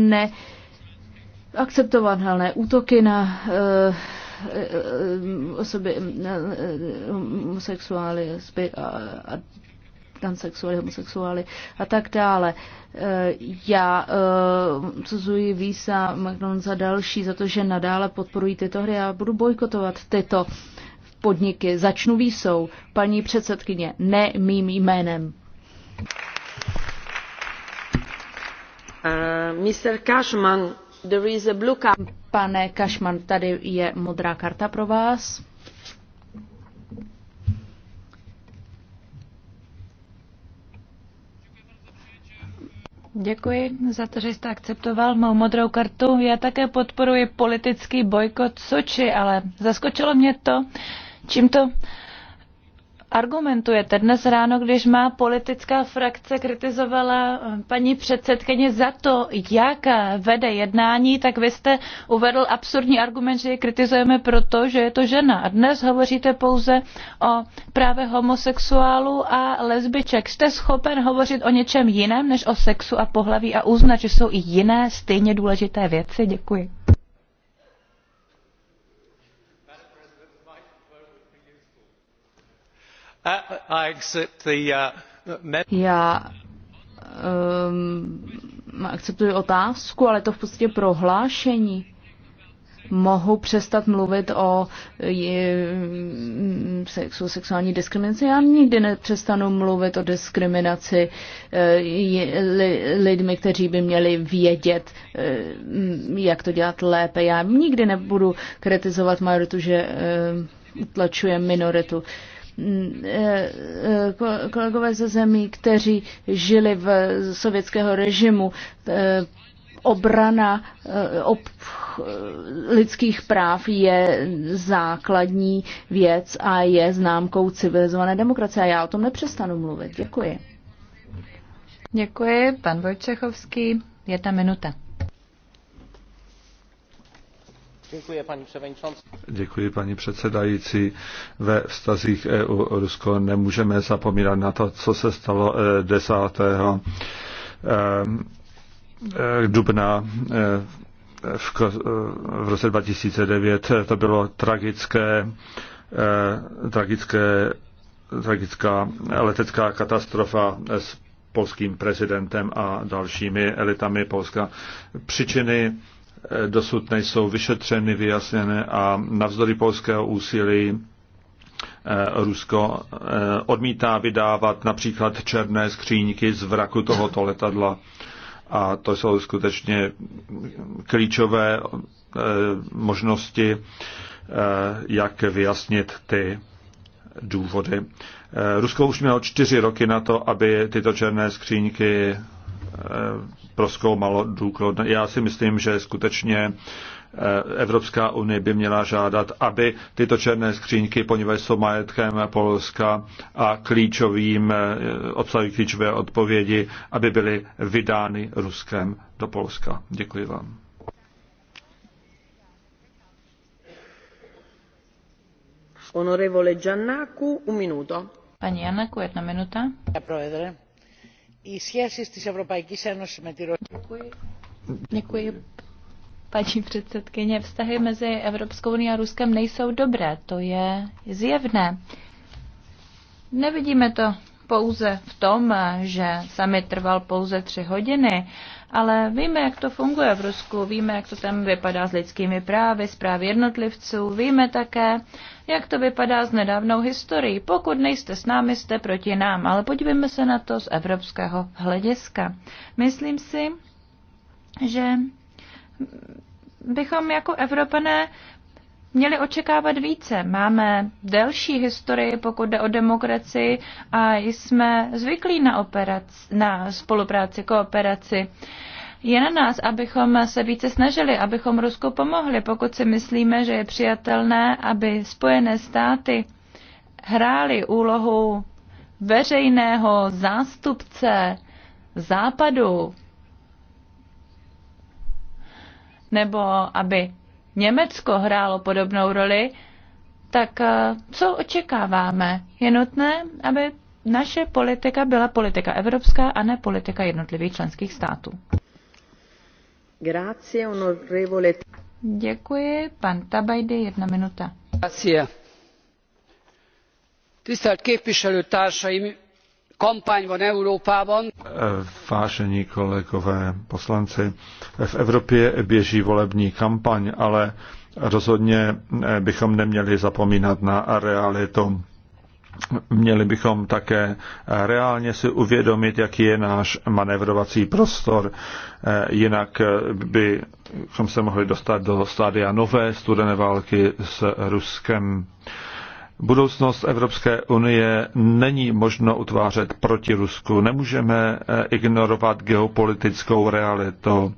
[SPEAKER 5] neakceptovatelné Útoky na uh, osoby uh, homosexuály a, a transsexuály, homosexuály a tak dále. E, já odsuzuji e, vísa McDonald's za další, za to, že nadále podporují tyto hry já budu bojkotovat tyto podniky. Začnu výsou, paní předsedkyně, ne mým jménem.
[SPEAKER 2] Uh, Mr. Cashman,
[SPEAKER 5] there is a blue card. Pane Cashman, tady je modrá karta pro vás.
[SPEAKER 1] Děkuji za to, že jste akceptoval mou modrou kartu. Já také podporuji politický bojkot Soči, ale zaskočilo mě to, čím to argumentujete? Dnes ráno, když má politická frakce kritizovala eh, paní předsedkyně za to, jak vede jednání, tak vy jste uvedl absurdní argument, že je kritizujeme proto, že je to žena. A dnes hovoříte pouze o právě homosexuálů a lesbiček. Jste schopen hovořit o něčem jiném než o sexu a pohlaví a uznat, že jsou i jiné stejně důležité
[SPEAKER 2] věci? Děkuji.
[SPEAKER 4] Uh, Já
[SPEAKER 5] um, akceptuji otázku, ale to v podstatě prohlášení. Mohu přestat mluvit o je, sexu, sexuální diskriminaci. Já nikdy nepřestanu mluvit o diskriminaci eh, je, li, lidmi, kteří by měli vědět, eh, jak to dělat lépe. Já nikdy nebudu kritizovat majoritu, že eh, utlačuje minoritu. Uh, kolegové ze zemí, kteří žili v sovětského režimu, eh, obrana eh, ob lidských práv je základní věc a je známkou civilizované demokracie. A já o tom nepřestanu mluvit. Děkuji. Děkuji, pan Vojčechovský.
[SPEAKER 1] Jedna minuta.
[SPEAKER 4] Děkuji, paní předsedající.
[SPEAKER 3] Děkuji, paní předsedající. Ve vztazích EU-Rusko nemůžeme zapomínat na to, co se stalo 10. Eh, eh, eh, dubna v, roce 2009. To bylo tragické, tragické, tragická letecká katastrofa s polským prezidentem a dalšími elitami Polska. Příčiny Eh, dosud nejsou vyšetřeny, vyjasněné a navzdory polského úsilí eh, Rusko eh, odmítá vydávat například černé skříňky z vraku tohoto letadla. A to jsou skutečně klíčové možnosti, jak vyjasnit ty důvody. Rusko už mělo čtyři roky na to, aby tyto černé skříňky proskoumalo důkladně. Já si myslím, že skutečně eh, Evropská unie by měla žádat, aby tyto černé skřínky, poněvadž jsou majetkem Polska a klíčovým, eh, obsahují klíčové odpovědi, aby byly vydány Ruskem do Polska. Děkuji vám.
[SPEAKER 1] Honorevole Giannaku, un minuto. Pani Giannaku, jedna minuta. provedere οι σχέσεις της Ευρωπαϊκής Ένωσης με τη Ρωσία. Paní předsedkyně, vztahy mezi Evropskou unii a Ruskem nejsou dobré, to je zjevné. Nevidíme to pouze v tom, že summit trval pouze tři hodiny, ale víme, jak to funguje v Rusku, víme, jak to tam vypadá s lidskými právy, s právy jednotlivců, víme také, jak to vypadá s nedávnou historií. Pokud nejste s námi, jste proti nám, ale podívejme se na to z evropského hlediska. Myslím si, že bychom jako Evropané měli očekávat více. Máme delší historii, pokud jde o demokracii a jsme zvyklí na, operaci, na spolupráci, kooperaci. Je na nás, abychom se více snažili, abychom Rusku pomohli, pokud si myslíme, že je přijatelné, aby Spojené státy hrály úlohu veřejného zástupce Západu, nebo aby Německo hrálo podobnou roli, tak eh, co očekáváme? Je nutné, aby naše politika byla politika evropská a ne politika jednotlivých členských států.
[SPEAKER 2] Grazie, onorevole.
[SPEAKER 1] Děkuji. Pan Tabajdy, jedna minuta. Grazie.
[SPEAKER 6] Tisztelt képviselőtársaim, kampaň von Európában.
[SPEAKER 3] Vážení kolegové poslanci, v Evropě běží volební kampaň, ale rozhodně eh, bychom neměli zapomínat na realitu. Měli bychom také eh, reálně si uvědomit, jaký je náš manevrovací prostor. Eh, jinak bychom se mohli dostat do stádia nové studené války s Ruskem budoucnost Evropské unie není možno utvářet proti Rusku. Nemůžeme eh, ignorovat geopolitickou realitu.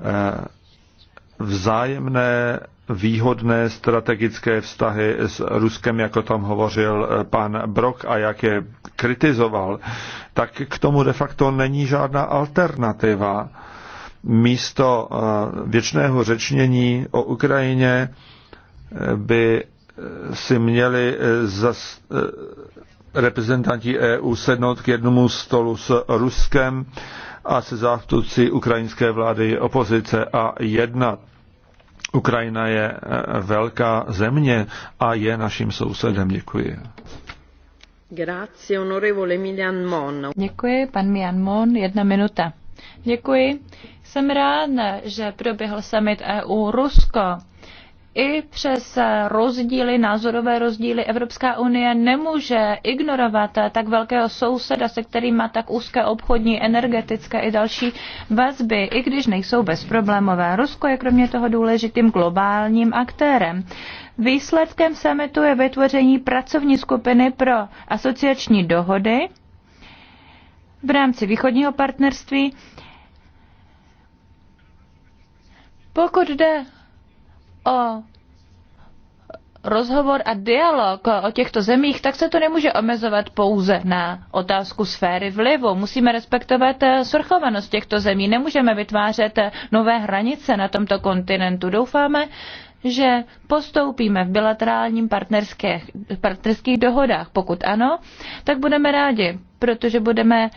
[SPEAKER 3] Eh, vzájemné výhodné strategické vztahy s Ruskem, jako tam hovořil eh, pan Brok a jak je kritizoval, tak k tomu de facto není žádná alternativa. Místo věčného řečnění o Ukrajině by si měli eh, zas, eh, reprezentanti EU sednout k jednomu stolu s Ruskem a se zástupci ukrajinské vlády opozice a jednat. Ukrajina je eh, velká země a je naším sousedem. Děkuji.
[SPEAKER 2] Grazie, onorevole Mon.
[SPEAKER 1] Děkuji, pan Mian Mon, jedna minuta. Děkuji. Jsem rád, že proběhl summit EU-Rusko i přes rozdíly, názorové rozdíly, Evropská unie nemůže ignorovat tak velkého souseda, se kterým má tak úzké obchodní, energetické i další vazby, i když nejsou bezproblémové. Rusko je kromě toho důležitým globálním aktérem. Výsledkem summitu je vytvoření pracovní skupiny pro asociační dohody v rámci východního partnerství. Pokud jde o rozhovor a dialog o těchto zemích, tak se to nemůže omezovat pouze na otázku sféry vlivu. Musíme respektovat eh, svrchovanost těchto zemí. Nemůžeme vytvářet eh, nové hranice na tomto kontinentu. Doufáme, že postoupíme v bilaterálním partnerských, partnerských dohodách. Pokud ano, tak budeme rádi, protože budeme uh,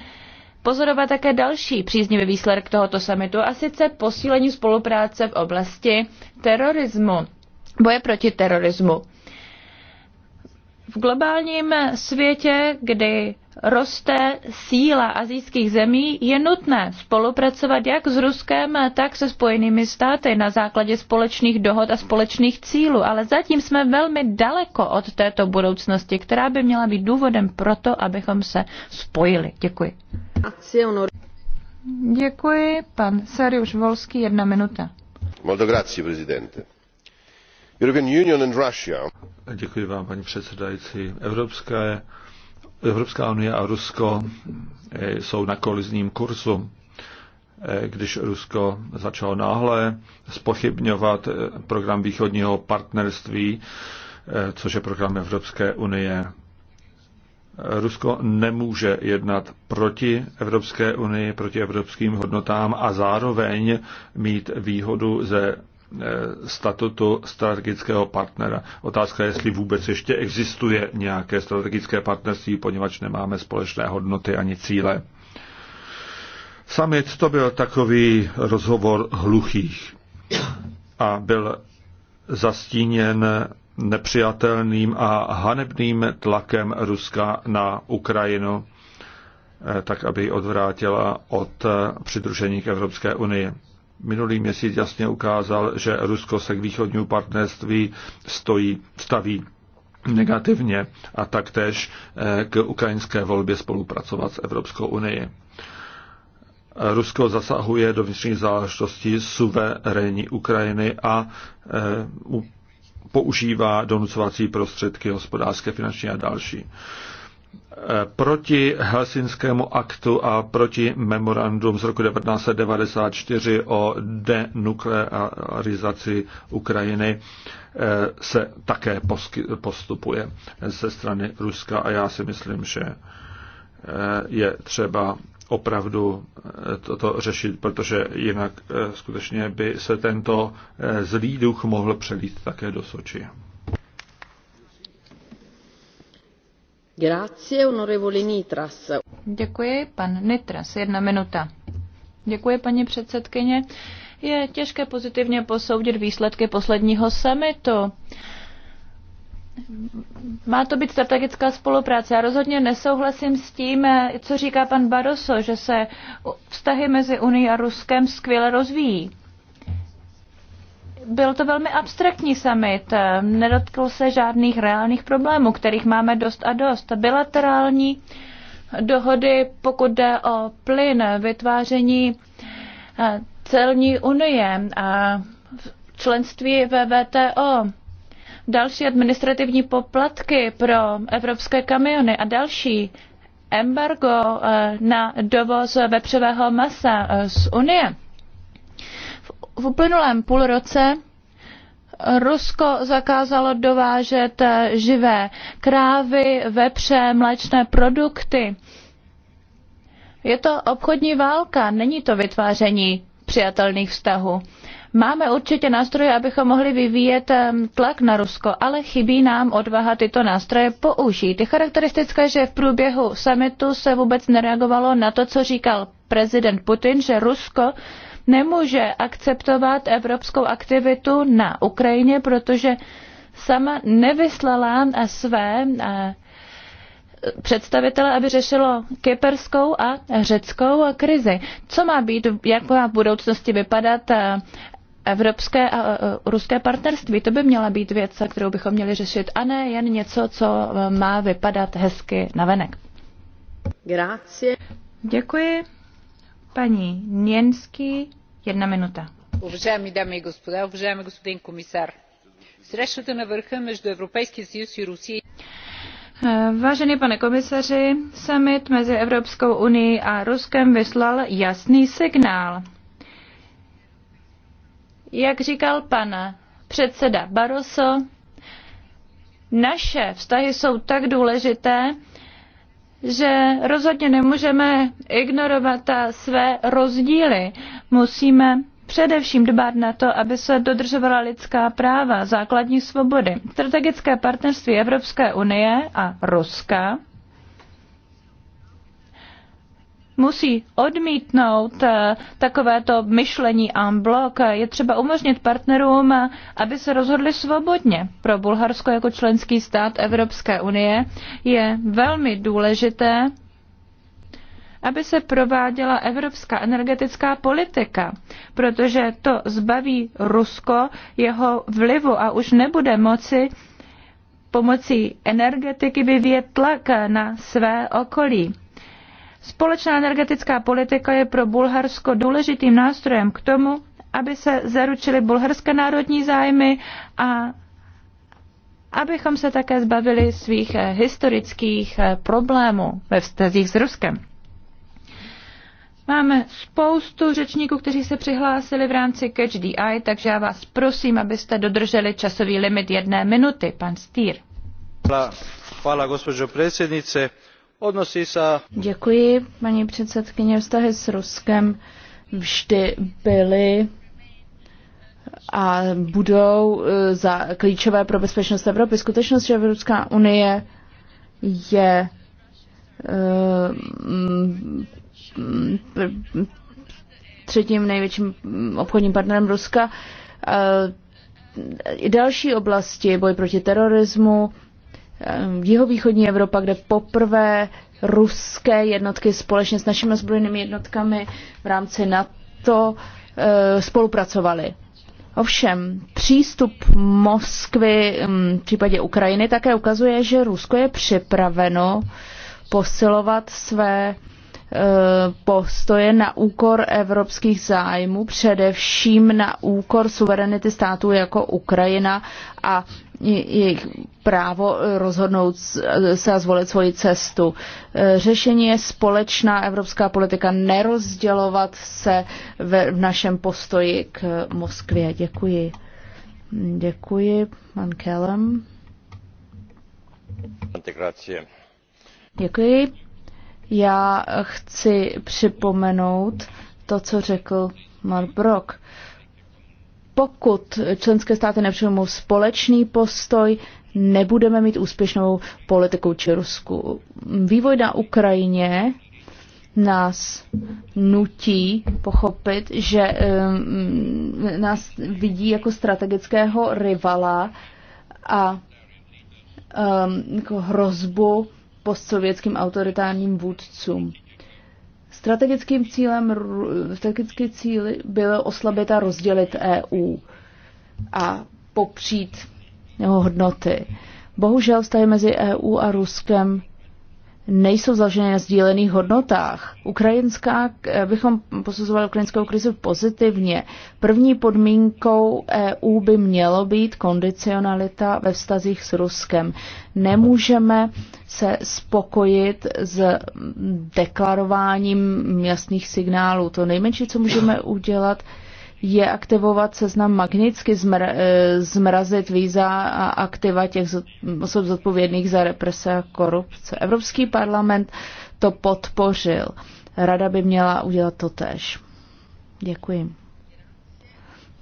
[SPEAKER 1] pozorovat také další příznivý výsledek tohoto samitu, a sice posílení spolupráce v oblasti terorismu, boje proti terorismu. V globálním světě, kdy roste síla azijských zemí, je nutné spolupracovat jak s Ruskem, tak se Spojenými státy na základě společných dohod a společných cílů. Ale zatím jsme velmi daleko od této budoucnosti, která by měla být důvodem pro to, abychom se spojili. Děkuji. Děkuji. Pan Sariusz Volský, jedna minuta.
[SPEAKER 3] Molto grazie, prezidente. European Union and Russia. Děkuji vám, paní předsedající. Evropské, Evropská unie a Rusko eh, jsou na kolizním kurzu. Eh, když Rusko začalo náhle spochybňovat eh, program východního partnerství, což je program Evropské unie, Rusko nemůže jednat proti Evropské unii, proti evropským hodnotám a zároveň mít výhodu ze e, statutu strategického partnera. Otázka je, jestli vůbec ještě existuje nějaké strategické partnerství, poněvadž nemáme společné hodnoty ani cíle. Summit to byl takový rozhovor hluchých a byl zastíněn nepřijatelným a hanebným tlakem Ruska na Ukrajinu, eh, tak aby ji odvrátila od eh, přidružení k Evropské unii. Minulý měsíc jasně ukázal, že Rusko se k východnímu partnerství stojí, staví negativně a taktéž eh, k ukrajinské volbě spolupracovat s Evropskou unii. Rusko zasahuje do vnitřních záležitostí suverénní Ukrajiny a používá donucovací prostředky hospodářské, finanční a další. Proti Helsinskému aktu a proti memorandum z roku 1994 o denuklearizaci Ukrajiny eh, se také postupuje ze strany Ruska a já si myslím, že eh, je třeba opravdu eh, toto řešit, protože jinak eh, skutečně by se tento eh, zlý duch mohl přelít také do Soči.
[SPEAKER 2] Grazie, onorevole Nitras. Děkuji,
[SPEAKER 1] pan Nitras, jedna minuta. Děkuji, paní předsedkyně. Je těžké pozitivně posoudit výsledky posledního summitu má to být strategická spolupráce. Já rozhodně nesouhlasím s tím, eh, co říká pan Barroso, že se vztahy mezi Unii a Ruskem skvěle rozvíjí. Byl to velmi abstraktní summit, eh, nedotkl se žádných reálných problémů, kterých máme dost a dost. Bilaterální dohody, pokud jde o plyn, vytváření eh, celní unie a členství ve VTO další administrativní poplatky pro evropské kamiony a další embargo eh, na dovoz vepřového masa eh, z Unie. V uplynulém roce Rusko zakázalo dovážet eh, živé krávy, vepře, mléčné produkty. Je to obchodní válka, není to vytváření přijatelných vztahů. Máme určitě nástroje, abychom mohli vyvíjet tlak na Rusko, ale chybí nám odvaha tyto nástroje použít. Je charakteristické, že v průběhu summitu se vůbec nereagovalo na to, co říkal prezident Putin, že Rusko nemůže akceptovat evropskou aktivitu na Ukrajině, protože sama nevyslala eh, své eh, představitele, aby řešilo kyperskou a řeckou krizi. Co má být, jak má v budoucnosti vypadat eh, evropské a e, ruské partnerství. To by měla být věc, kterou bychom měli řešit, a ne jen něco, co e, má vypadat hezky navenek.
[SPEAKER 2] Grácie.
[SPEAKER 1] Děkuji. Paní Něnský, jedna minuta. Уважаеми дами и господа, уважаеми господин комисар, срещата на върха между Европейския съюз и Русия. Vážený pane komisaři, summit mezi Evropskou unii a Ruskem vyslal jasný signál. Jak říkal pan předseda Barroso, naše vztahy jsou tak důležité, že rozhodně nemůžeme ignorovat své rozdíly. Musíme Především dbát na to, aby se dodržovala lidská práva, základní svobody. Strategické partnerství Evropské unie a Ruska musí odmítnout eh, takovéto myšlení en bloc. Je třeba umožnit partnerům, eh, aby se rozhodli svobodně. Pro Bulharsko jako členský stát Evropské unie je velmi důležité, aby se prováděla evropská energetická politika, protože to zbaví Rusko jeho vlivu a už nebude moci pomocí energetiky vyvíjet tlak na své okolí. Společná energetická politika je pro Bulharsko důležitým nástrojem k tomu, aby se zaručily bulharské národní zájmy a abychom se také zbavili svých eh, historických eh, problémů ve vztazích s Ruskem. Máme spoustu řečníků, kteří se přihlásili v rámci Catch the Eye, takže já vás prosím, abyste dodrželi časový limit jedné minuty. Pan Stýr. Hvala, hvala gospođo predsjednice odnosy sa...
[SPEAKER 5] Děkuji, paní předsedkyně. Vztahy s Ruskem vždy byly a budou eh, za klíčové pro bezpečnost Evropy. Skutečnost, že Evropská unie je eh, mm, třetím největším obchodním partnerem Ruska. Eh, I další oblasti, boj proti terorismu, Ehm, jihovýchodní Evropa, kde poprvé ruské jednotky společně s našimi ozbrojenými jednotkami v rámci NATO eh, spolupracovaly. Ovšem, přístup Moskvy ehm, v případě Ukrajiny také ukazuje, že Rusko je připraveno posilovat své eh, postoje na úkor evropských zájmů, především na úkor suverenity států jako Ukrajina a jejich právo eh, rozhodnout se a zvolit svoji cestu. Eh, řešení je společná evropská politika, nerozdělovat se ve, v našem postoji k Moskvě. Děkuji. Děkuji, pan Kellem. Integrace. Děkuji. Já chci připomenout to, co řekl Mark Brock. Uh, pokud členské státy nepřijmou společný postoj, nebudeme mít úspěšnou politiku či Rusku. Vývoj na Ukrajině nás nutí pochopit, že um, nás vidí jako strategického rivala a um, jako hrozbu postsovětským autoritárním vůdcům. Strategickým cílem, strategický cíl bylo oslabit a rozdělit EU a popřít jeho hodnoty. Bohužel vztahy mezi EU a Ruskem nejsou založeny na sdílených hodnotách. Ukrajinská, bychom posuzovali ukrajinskou krizi pozitivně. První podmínkou EU by mělo být kondicionalita ve vztazích s Ruskem. Nemůžeme se spokojit s deklarováním jasných signálů. To nejmenší, co můžeme udělat, je aktivovat seznam magnicky, zmra, eh, zmrazit víza a aktiva těch osob zodpovědných za represe a korupce. Evropský parlament to podpořil. Rada by měla udělat to tež. Děkuji.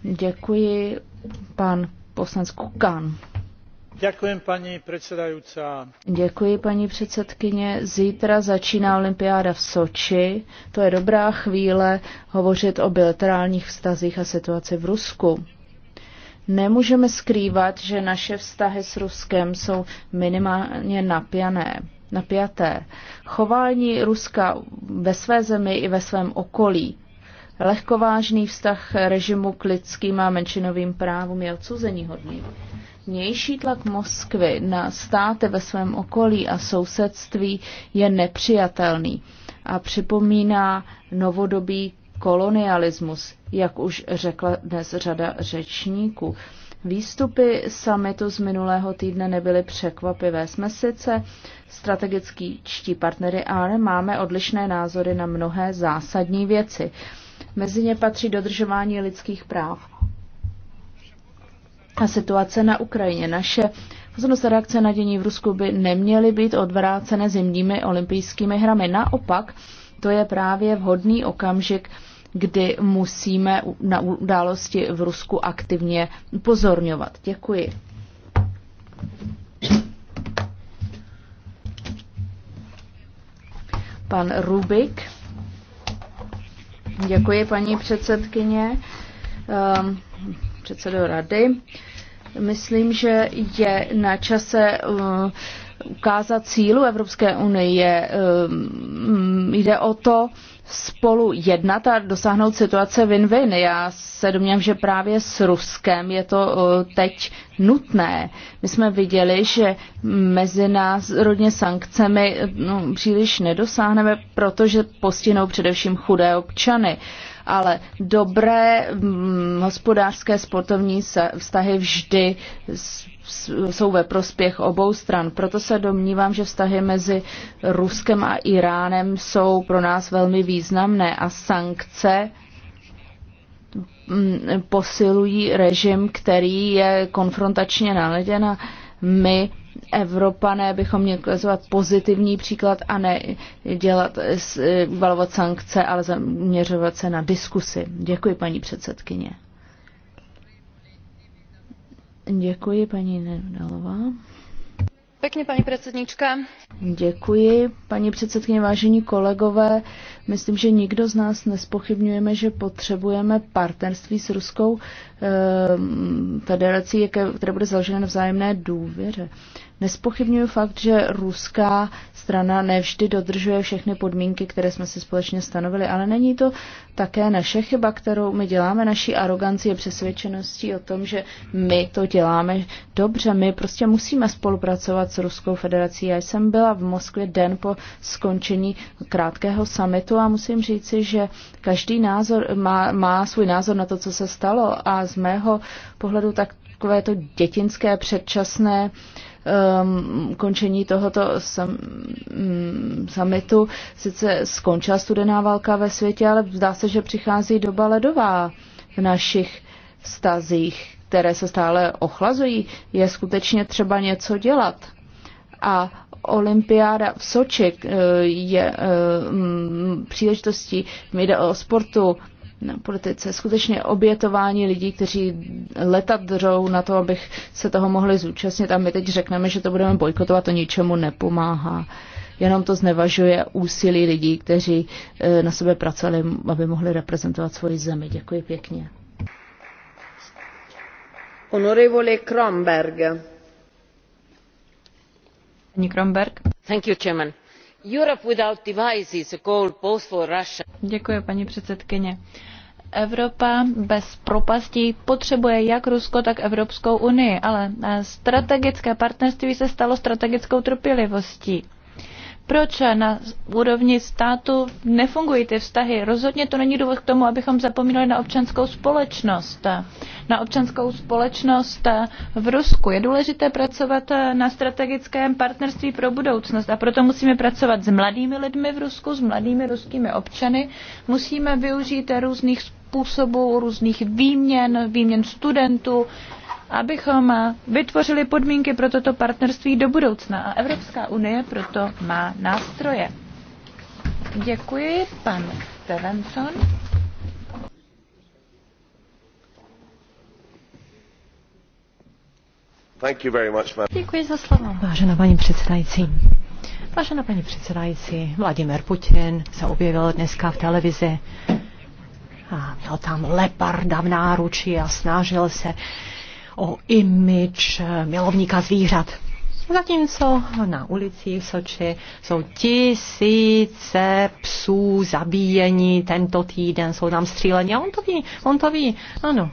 [SPEAKER 5] Děkuji, pan poslanec Kukan.
[SPEAKER 4] Děkuji, pani
[SPEAKER 5] Děkuji, paní předsedkyně. Zítra začíná olympiáda v Soči. To je dobrá chvíle hovořit o bilaterálních vztazích a situaci v Rusku. Nemůžeme skrývat, že naše vztahy s Ruskem jsou minimálně napjané, napjaté. Chování Ruska ve své zemi i ve svém okolí, lehkovážný vztah režimu k lidským a menšinovým právům je odsuzení hodný. Vnější tlak Moskvy na státy ve svém okolí a sousedství je nepřijatelný a připomíná novodobý kolonialismus, jak už řekla dnes řada řečníků. Výstupy samitu z minulého týdne nebyly překvapivé. Jsme sice strategický čtí partnery, ale máme odlišné názory na mnohé zásadní věci. Mezi ně patří dodržování lidských práv a situace na Ukrajině. Naše pozornost reakce na dění v Rusku by neměly být odvrácené zimními olympijskými hrami. Naopak, to je právě vhodný okamžik, kdy musíme na události v Rusku aktivně pozorňovat. Děkuji. Pan Rubik. Děkuji, paní předsedkyně. Um, předsedo rady. Myslím, že je na čase uh, ukázat cílu Evropské unie. Um, jde o to spolu jednat a dosáhnout situace win-win. Já se domnívám, že právě s Ruskem je to uh, teď nutné. My jsme viděli, že mezi nás rodně sankcemi uh, no, příliš nedosáhneme, protože postihnou především chudé občany. Uh, ale dobré hm, hospodářské sportovní vztahy vždy jsou ve prospěch obou stran. Proto se domnívám, že vztahy mezi Ruskem a Iránem jsou pro nás velmi významné a sankce mm, posilují režim, který je konfrontačně naleděn a my Evropané bychom měli ukazovat pozitivní příklad a ne dělat, e, valovat sankce, ale zaměřovat se na diskusy. Děkuji, paní předsedkyně. Děkuji, paní Nedalová. Pěkně, paní předsednička. Děkuji, paní předsedkyně, vážení kolegové. Myslím, že nikdo z nás nespochybňujeme, že potřebujeme partnerství s Ruskou eh, federací, které bude založeno na vzájemné důvěře. Nespochybnuju fakt, že ruská strana nevždy dodržuje všechny podmínky, které jsme si společně stanovili, ale není to také naše chyba, kterou my děláme, naší aroganci a přesvědčeností o tom, že my to děláme dobře. My prostě musíme spolupracovat s Ruskou federací. Já jsem byla v Moskvě den po skončení krátkého summitu a musím říci, že každý názor má, má svůj názor na to, co se stalo a z mého pohledu tak takové to dětinské předčasné uh, um, končení tohoto sam, um, summitu sice skončila studená válka ve světě, ale zdá se, že přichází doba ledová v našich vztazích, které se stále ochlazují. Je skutečně třeba něco dělat. A olympiáda v Soči eh, je eh, mm, příležitostí, jde o sportu, na politice. Skutečně obětování lidí, kteří leta držou na to, abych se toho mohli zúčastnit a my teď řekneme, že to budeme bojkotovat, to ničemu nepomáhá. Jenom to znevažuje úsilí lidí, kteří eh, na sebe pracovali, aby mohli reprezentovat svoji zemi. Děkuji pěkně.
[SPEAKER 2] Honorevole Kromberg.
[SPEAKER 1] Pani Kromberg.
[SPEAKER 2] Thank you, Chairman. Europe without devices, a goal both for
[SPEAKER 1] Russia. Děkuji, paní předsedkyně. Evropa bez propastí potřebuje jak Rusko, tak Evropskou unii, ale eh, strategické partnerství se stalo strategickou trpělivostí. Proč eh, na úrovni státu nefungují ty vztahy? Rozhodně to není důvod k tomu, abychom zapomínali na občanskou společnost. Na občanskou společnost eh, v Rusku. Je důležité pracovat na strategickém partnerství pro budoucnost a proto musíme pracovat s mladými lidmi v Rusku, s mladými ruskými občany. Musíme využít různých způsobů, různých výměn, výměn studentů, abychom vytvořili podmínky pro toto partnerství do budoucna. A Evropská unie proto má nástroje. Děkuji, pan Stevenson.
[SPEAKER 2] Much, Děkuji za slovo, vážená paní předsedající. Vážená paní předsedající, Vladimir Putin se objevil dneska v televizi a měl tam leparda v náruči a snažil se o imič eh, milovníka zvířat. Zatímco na ulici v Soči jsou tisíce psů zabíjení tento týden, jsou tam stříleni. a on to ví, on to ví, ano.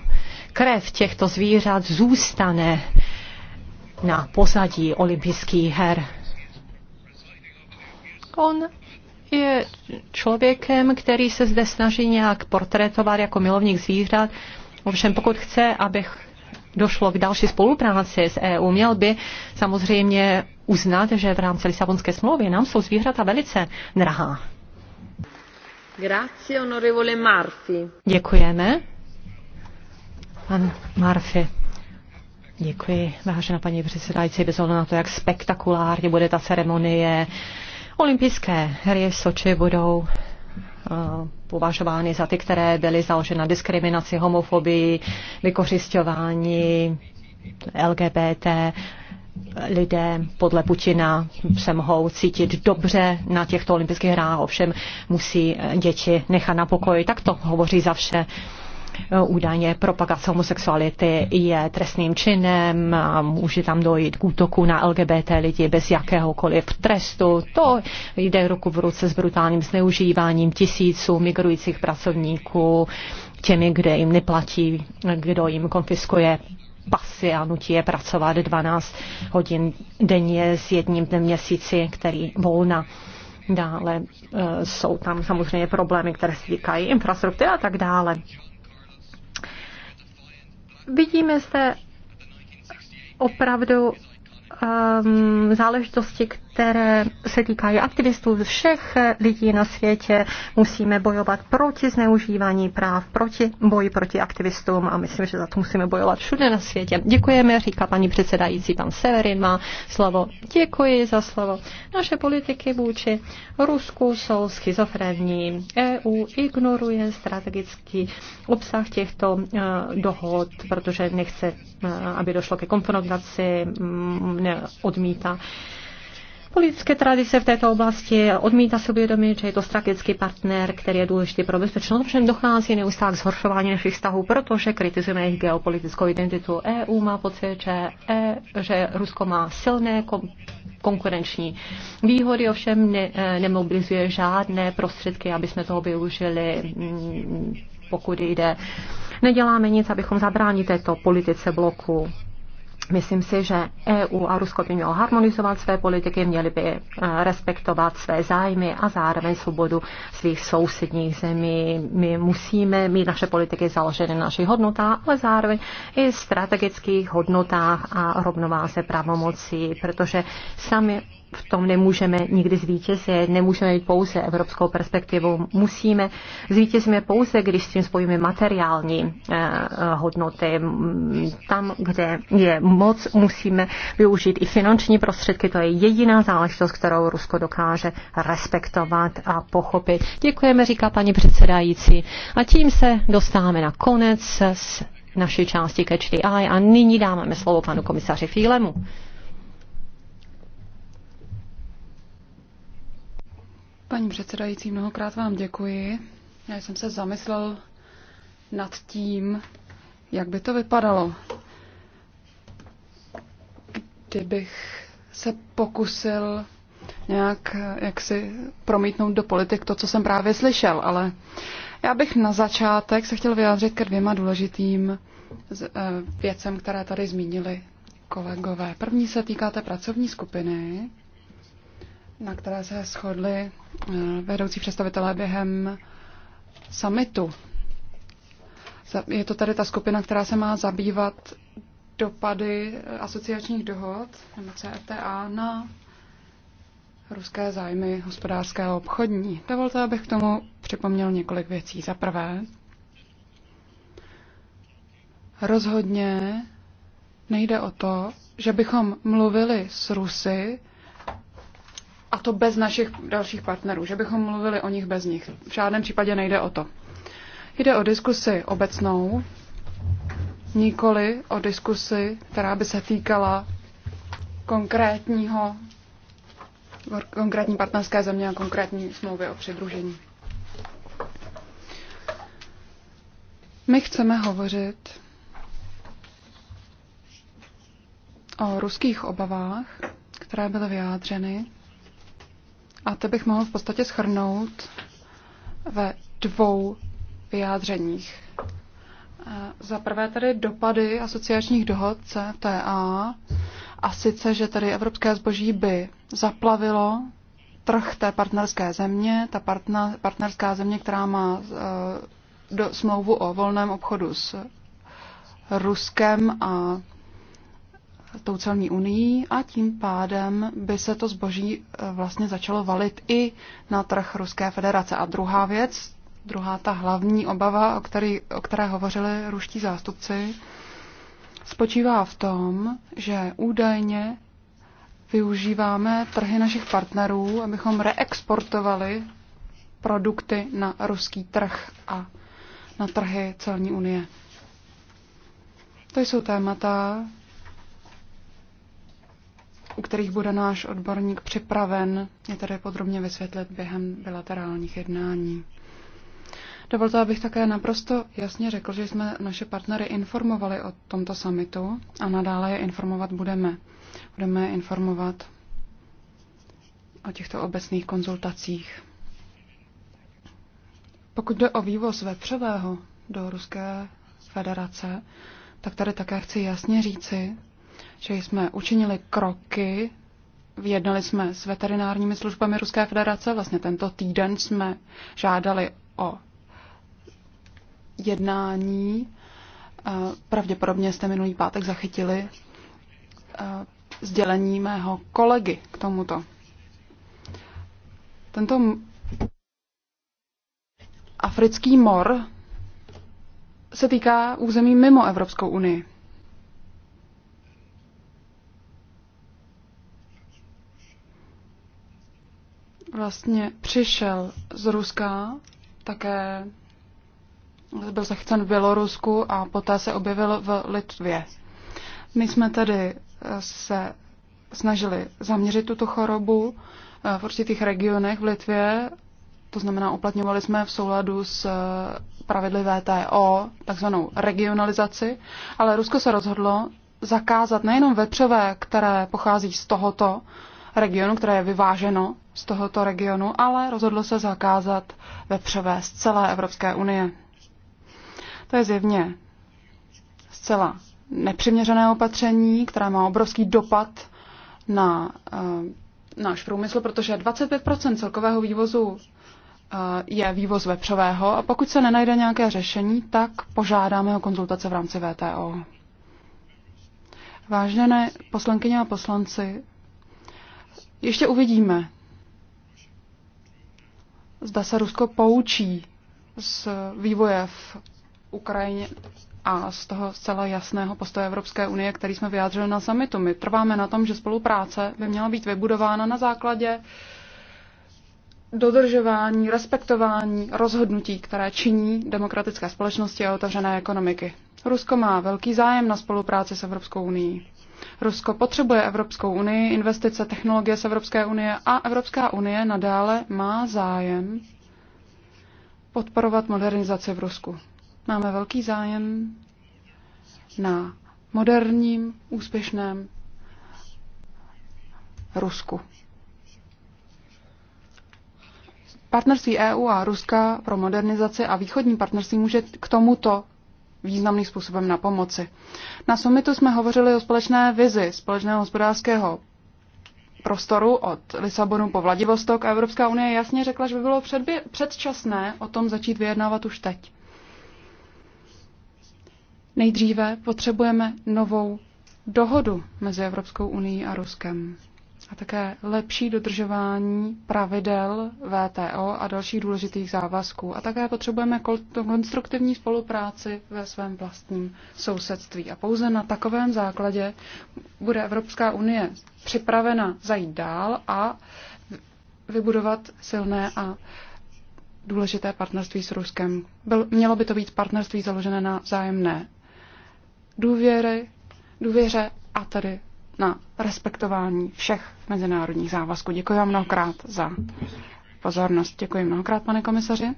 [SPEAKER 2] Krev těchto zvířat zůstane na pozadí olympijských her. On je člověkem, který se zde snaží nějak portrétovat jako milovník zvířat. Ovšem, pokud chce, abych došlo k další spolupráci s EU, měl by samozřejmě uznat, že v rámci Lisabonské smlouvy nám jsou zvířata velice drahá. Grazie, onorevole Marfi. Děkujeme. Pan Marfi. Děkuji, vážená paní předsedající, bez ohledu na to, jak spektakulárně bude ta ceremonie, Olympijské hry v Soči budou eh, považovány za ty, které byly založeny na diskriminaci, homofobii, vykořišťování LGBT lidé podle Putina se mohou cítit dobře na těchto olympijských hrách, ovšem musí děti nechat na pokoji. Tak to hovoří za vše. Eh, údajně propagace homosexuality je trestným činem a může tam dojít k útoku na LGBT lidi bez jakéhokoliv trestu. To jde ruku v ruce s brutálním zneužíváním tisíců migrujících pracovníků těmi, kde jim neplatí, kdo jim konfiskuje pasy a nutí je pracovat 12 hodin denně s jedním dnem měsíci, který volna. Dále eh, jsou tam samozřejmě problémy, které se týkají infrastruktury a tak dále. Vidíme zde opravdu um, záležitosti, které se týkají aktivistů všech lidí na světě. Musíme bojovat proti zneužívání práv, proti boji proti aktivistům a myslím, že za to musíme bojovat všude na světě. Děkujeme, říká paní předsedající, pan Severin má slovo. Děkuji za slovo. Naše politiky vůči Rusku jsou schizofrenní. EU ignoruje strategický obsah těchto uh, dohod, protože nechce, uh, aby došlo ke konfrontaci, um, neodmítá uh, politické tradice v této oblasti, odmítá si uvědomit, že je to strategický partner, který je důležitý pro bezpečnost, všem dochází neustále k zhoršování našich vztahů, protože kritizujeme jejich geopolitickou identitu. EU má pocit, že, e, že Rusko má silné kom- konkurenční výhody, ovšem ne, e, nemobilizuje žádné prostředky, aby jsme toho využili, mm, pokud jde. Neděláme nic, abychom zabránili této politice bloku Myslím si, že EU a Rusko by mělo harmonizovat své politiky, měli by eh, respektovat své zájmy a zároveň svobodu svých sousedních zemí. My musíme mít naše politiky založeny na našich hodnotách, ale zároveň i strategických hodnotách a rovnováze pravomocí, protože sami v tom nemůžeme nikdy zvítězit, nemůžeme mít pouze evropskou perspektivu. Musíme, zvítězíme pouze, když s tím spojíme materiální eh, hodnoty. Tam, kde je moc, musíme využít i finanční prostředky. To je jediná záležitost, kterou Rusko dokáže respektovat a pochopit. Děkujeme, říká paní předsedající. A tím se dostáváme na konec s naší části Catch the Eye a nyní dáváme slovo panu komisaři Fílemu.
[SPEAKER 6] Paní předsedající, mnohokrát vám děkuji. Já jsem se zamyslel nad tím, jak by to vypadalo, kdybych se pokusil nějak jak si promítnout do politik to, co jsem právě slyšel, ale já bych na začátek se chtěl vyjádřit ke dvěma důležitým eh, věcem, které tady zmínili kolegové. První se týká té pracovní skupiny, na které se shodli eh, vedoucí představitelé během summitu. Je to tady ta skupina, která se má zabývat dopady eh, asociačních dohod, nebo CFTA, na ruské zájmy hospodářské a obchodní. Dovolte, abych k tomu připomněl několik věcí. Za prvé, rozhodně nejde o to, že bychom mluvili s Rusy a to bez našich dalších partnerů, že bychom mluvili o nich bez nich. V žádném případě nejde o to. Jde o diskusi obecnou, nikoli o diskusi, která by se týkala konkrétního, konkrétní partnerské země a konkrétní smlouvy o přidružení. My chceme hovořit o ruských obavách, které byly vyjádřeny a to bych mohl v podstatě schrnout ve dvou vyjádřeních. Eh, za prvé tedy dopady asociačních dohod CTA a sice, že tedy evropské zboží by zaplavilo trh té partnerské země, ta partner, partnerská země, která má uh, do, smlouvu o volném obchodu s Ruskem a tou celní unii a tím pádem by se to zboží eh, vlastně začalo valit i na trh Ruské federace. A druhá věc, druhá ta hlavní obava, o, který, o které hovořili ruští zástupci, spočívá v tom, že údajně využíváme trhy našich partnerů, abychom reexportovali produkty na ruský trh a na trhy celní unie. To jsou témata, u kterých bude náš odborník připraven je tady podrobně vysvětlit během bilaterálních jednání. Dovolte, abych také naprosto jasně řekl, že jsme naše partnery informovali o tomto samitu a nadále je informovat budeme. Budeme je informovat o těchto obecných konzultacích. Pokud jde o vývoz vepřového do Ruské federace, tak tady také chci jasně říci, že jsme učinili kroky, vyjednali jsme s veterinárními službami Ruské federace, vlastně tento týden jsme žádali o jednání. Eh, pravděpodobně jste minulý pátek zachytili eh, sdělení mého kolegy k tomuto. Tento africký mor se týká území mimo Evropskou unii. vlastně přišel z Ruska, také byl zachycen v Bělorusku a poté se objevil v Litvě. My jsme tedy eh, se snažili zaměřit tuto chorobu eh, v určitých regionech v Litvě, to znamená uplatňovali jsme v souladu s eh, pravidly VTO takzvanou regionalizaci, ale Rusko se rozhodlo zakázat nejenom vepřové, které pochází z tohoto regionu, které je vyváženo, z tohoto regionu, ale rozhodlo se zakázat vepřové z celé Evropské unie. To je zjevně zcela nepřiměřené opatření, které má obrovský dopad na uh, náš průmysl, protože 25 celkového vývozu uh, je vývoz vepřového a pokud se nenajde nějaké řešení, tak požádáme o konzultace v rámci VTO. Vážené poslankyně a poslanci, ještě uvidíme, zda se Rusko poučí z vývoje v Ukrajině a z toho zcela jasného postoje Evropské unie, který jsme vyjádřili na samitu. My trváme na tom, že spolupráce by měla být vybudována na základě dodržování, respektování rozhodnutí, které činí demokratické společnosti a otevřené ekonomiky. Rusko má velký zájem na spolupráci s Evropskou unii. Rusko potřebuje Evropskou unii, investice, technologie z Evropské unie a Evropská unie nadále má zájem podporovat modernizaci v Rusku. Máme velký zájem na moderním, úspěšném Rusku. Partnerství EU a Ruska pro modernizaci a východní partnerství může k tomuto významným způsobem na pomoci. Na summitu jsme hovořili o společné vizi společného hospodářského prostoru od Lisabonu po Vladivostok a Evropská unie jasně řekla, že by bylo předbě- předčasné o tom začít vyjednávat už teď. Nejdříve potřebujeme novou dohodu mezi Evropskou unii a Ruskem a také lepší dodržování pravidel VTO a dalších důležitých závazků. A také potřebujeme konstruktivní spolupráci ve svém vlastním sousedství. A pouze na takovém základě bude Evropská unie připravena zajít dál a vybudovat silné a důležité partnerství s Ruskem. Byl, mělo by to být partnerství založené na vzájemné důvěry, důvěře a tedy na respektování všech mezinárodních závazků. Děkuji vám mnohokrát za pozornost. Děkuji mnohokrát, pane komisaři.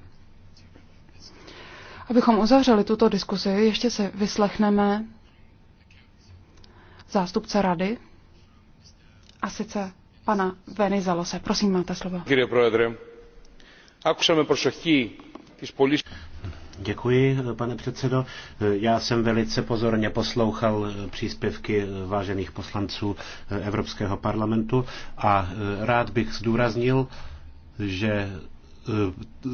[SPEAKER 6] Abychom uzavřeli tuto diskusi, ještě se vyslechneme zástupce rady a sice pana Zalose. Prosím, máte slovo.
[SPEAKER 4] Děkuji, pane předsedo. Já jsem velice pozorně poslouchal příspěvky vážených poslanců Evropského parlamentu a rád bych zdůraznil, že eh,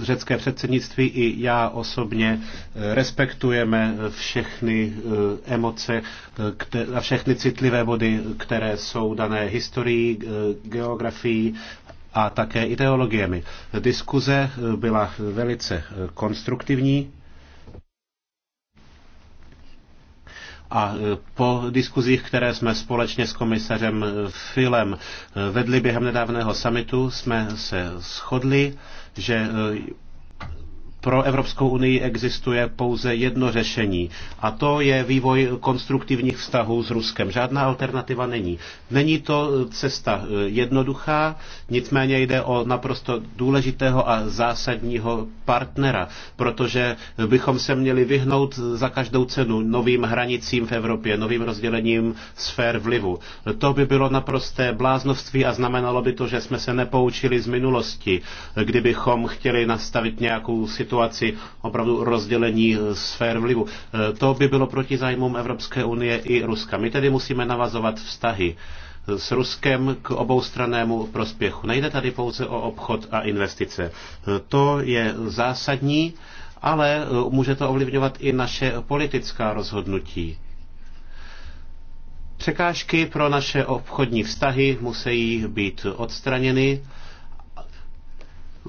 [SPEAKER 4] řecké předsednictví i já osobně eh, respektujeme všechny eh, emoce a všechny citlivé body, které jsou dané historií, geografií a také ideologiemi. Diskuze byla velice konstruktivní A e, po diskuzích, které jsme společně s komisařem e, Filem e, vedli během nedávného samitu, jsme se shodli, že pro Evropskou unii existuje pouze jedno řešení a to je vývoj konstruktivních vztahů s Ruskem. Žádná alternativa není. Není to cesta eh, jednoduchá, nicméně jde o naprosto důležitého a zásadního partnera, protože bychom se měli vyhnout za každou cenu novým hranicím v Evropě, novým rozdělením sfér vlivu. To by bylo naprosté bláznoství a znamenalo by to, že jsme se nepoučili z minulosti, kdybychom chtěli nastavit nějakou situaci situaci opravdu rozdělení eh, sfér vlivu. Eh, to by bylo proti zájmům Evropské unie i Ruska. My tedy musíme navazovat vztahy eh, s Ruskem k oboustranému prospěchu. Nejde tady pouze o obchod a investice. To je zásadní, ale může to ovlivňovat i naše politická rozhodnutí. Překážky pro naše obchodní vztahy musí být odstraněny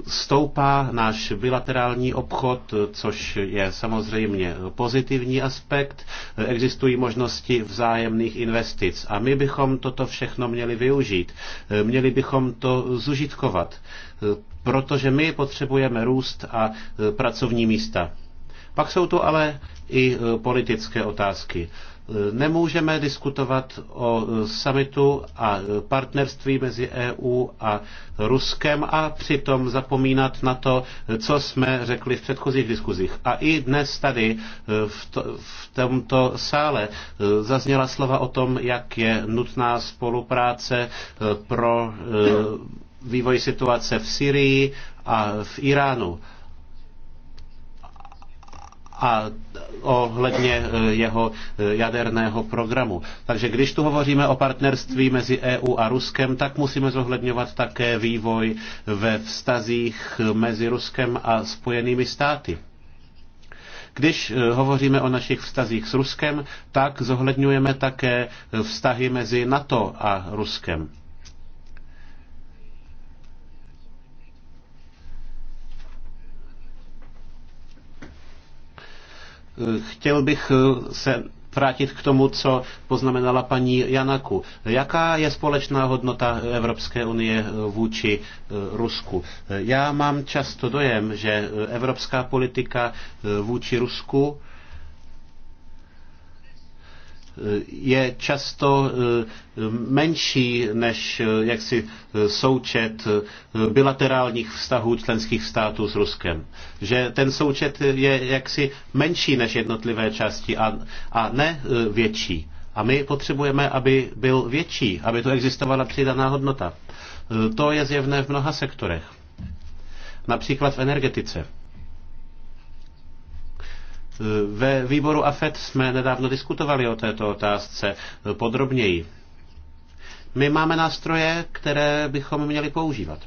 [SPEAKER 4] Stoupá náš bilaterální obchod, což je samozřejmě pozitivní aspekt. Existují možnosti vzájemných investic a my bychom toto všechno měli využít. Měli bychom to zužitkovat, protože my potřebujeme růst a pracovní místa. Pak jsou to ale i politické otázky. Nemůžeme diskutovat o e, summitu a partnerství mezi EU a Ruskem a přitom zapomínat na to, co jsme řekli v předchozích diskuzích. A i dnes tady e, v, to, v tomto sále e, zazněla slova o tom, jak je nutná spolupráce pro vývoj situace v Syrii a v Iránu a ohledně eh, jeho eh, jaderného programu. Takže když tu hovoříme o partnerství mezi EU a Ruskem, tak musíme zohledňovat také vývoj ve vztazích mezi Ruskem a Spojenými státy. Když eh, hovoříme o našich vztazích s Ruskem, tak zohledňujeme také vztahy mezi NATO a Ruskem. Chtěl bych eh, se vrátit k tomu, co poznamenala paní Janaku. Jaká je společná hodnota Evropské unie eh, vůči eh, Rusku? Já mám často dojem, že evropská politika vůči Rusku je často eh, menší než eh, jaksi eh, součet bilaterálních vztahů členských států s Ruskem. Že ten součet je jaksi menší než jednotlivé části a, a ne větší. A my potřebujeme, aby byl větší, aby to existovala přidaná hodnota. To je zjevné v mnoha sektorech. Například v energetice ve výboru AFET jsme nedávno diskutovali o této otázce podrobněji. My máme nástroje, které bychom měli používat.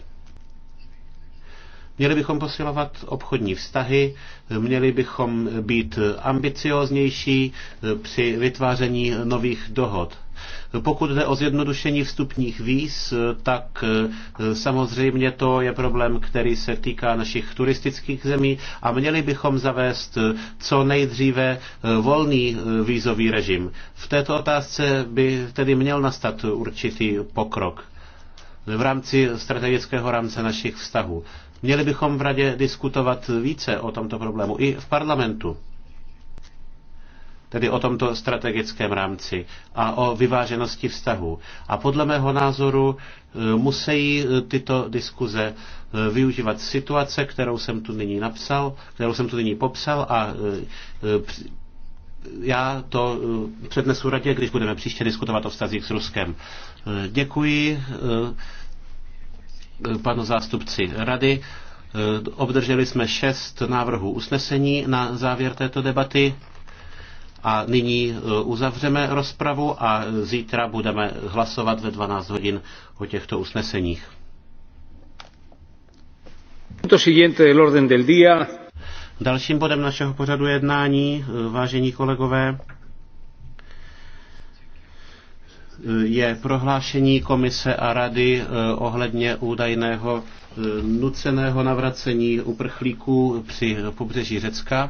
[SPEAKER 4] Měli bychom posilovat obchodní vztahy, měli bychom být ambicioznější při vytváření nových dohod. Pokud jde o zjednodušení vstupních víz, tak eh, samozřejmě to je problém, který se týká našich turistických zemí a měli bychom zavést eh, co nejdříve eh, volný vízový režim. V této otázce by tedy měl nastat určitý pokrok v rámci strategického rámce našich vztahů. Měli bychom v radě diskutovat více o tomto problému i v parlamentu tedy o tomto strategickém rámci a o vyváženosti vztahů. A podle mého názoru e, musí e, tyto diskuze e, využívat situace, kterou jsem tu nyní napsal, kterou jsem tu nyní popsal a já to přednesu radě, když budeme příště diskutovat o vztazích s Ruskem. Děkuji panu zástupci rady. Obdrželi jsme šest návrhů usnesení na závěr této debaty. A nyní e, uzavřeme rozpravu a zítra budeme hlasovat ve 12 hodin o těchto usneseních. Dalším bodem našeho pořadu jednání, e, vážení kolegové, e, je prohlášení komise a rady ohledně údajného nuceného navracení uprchlíků při pobřeží Řecka.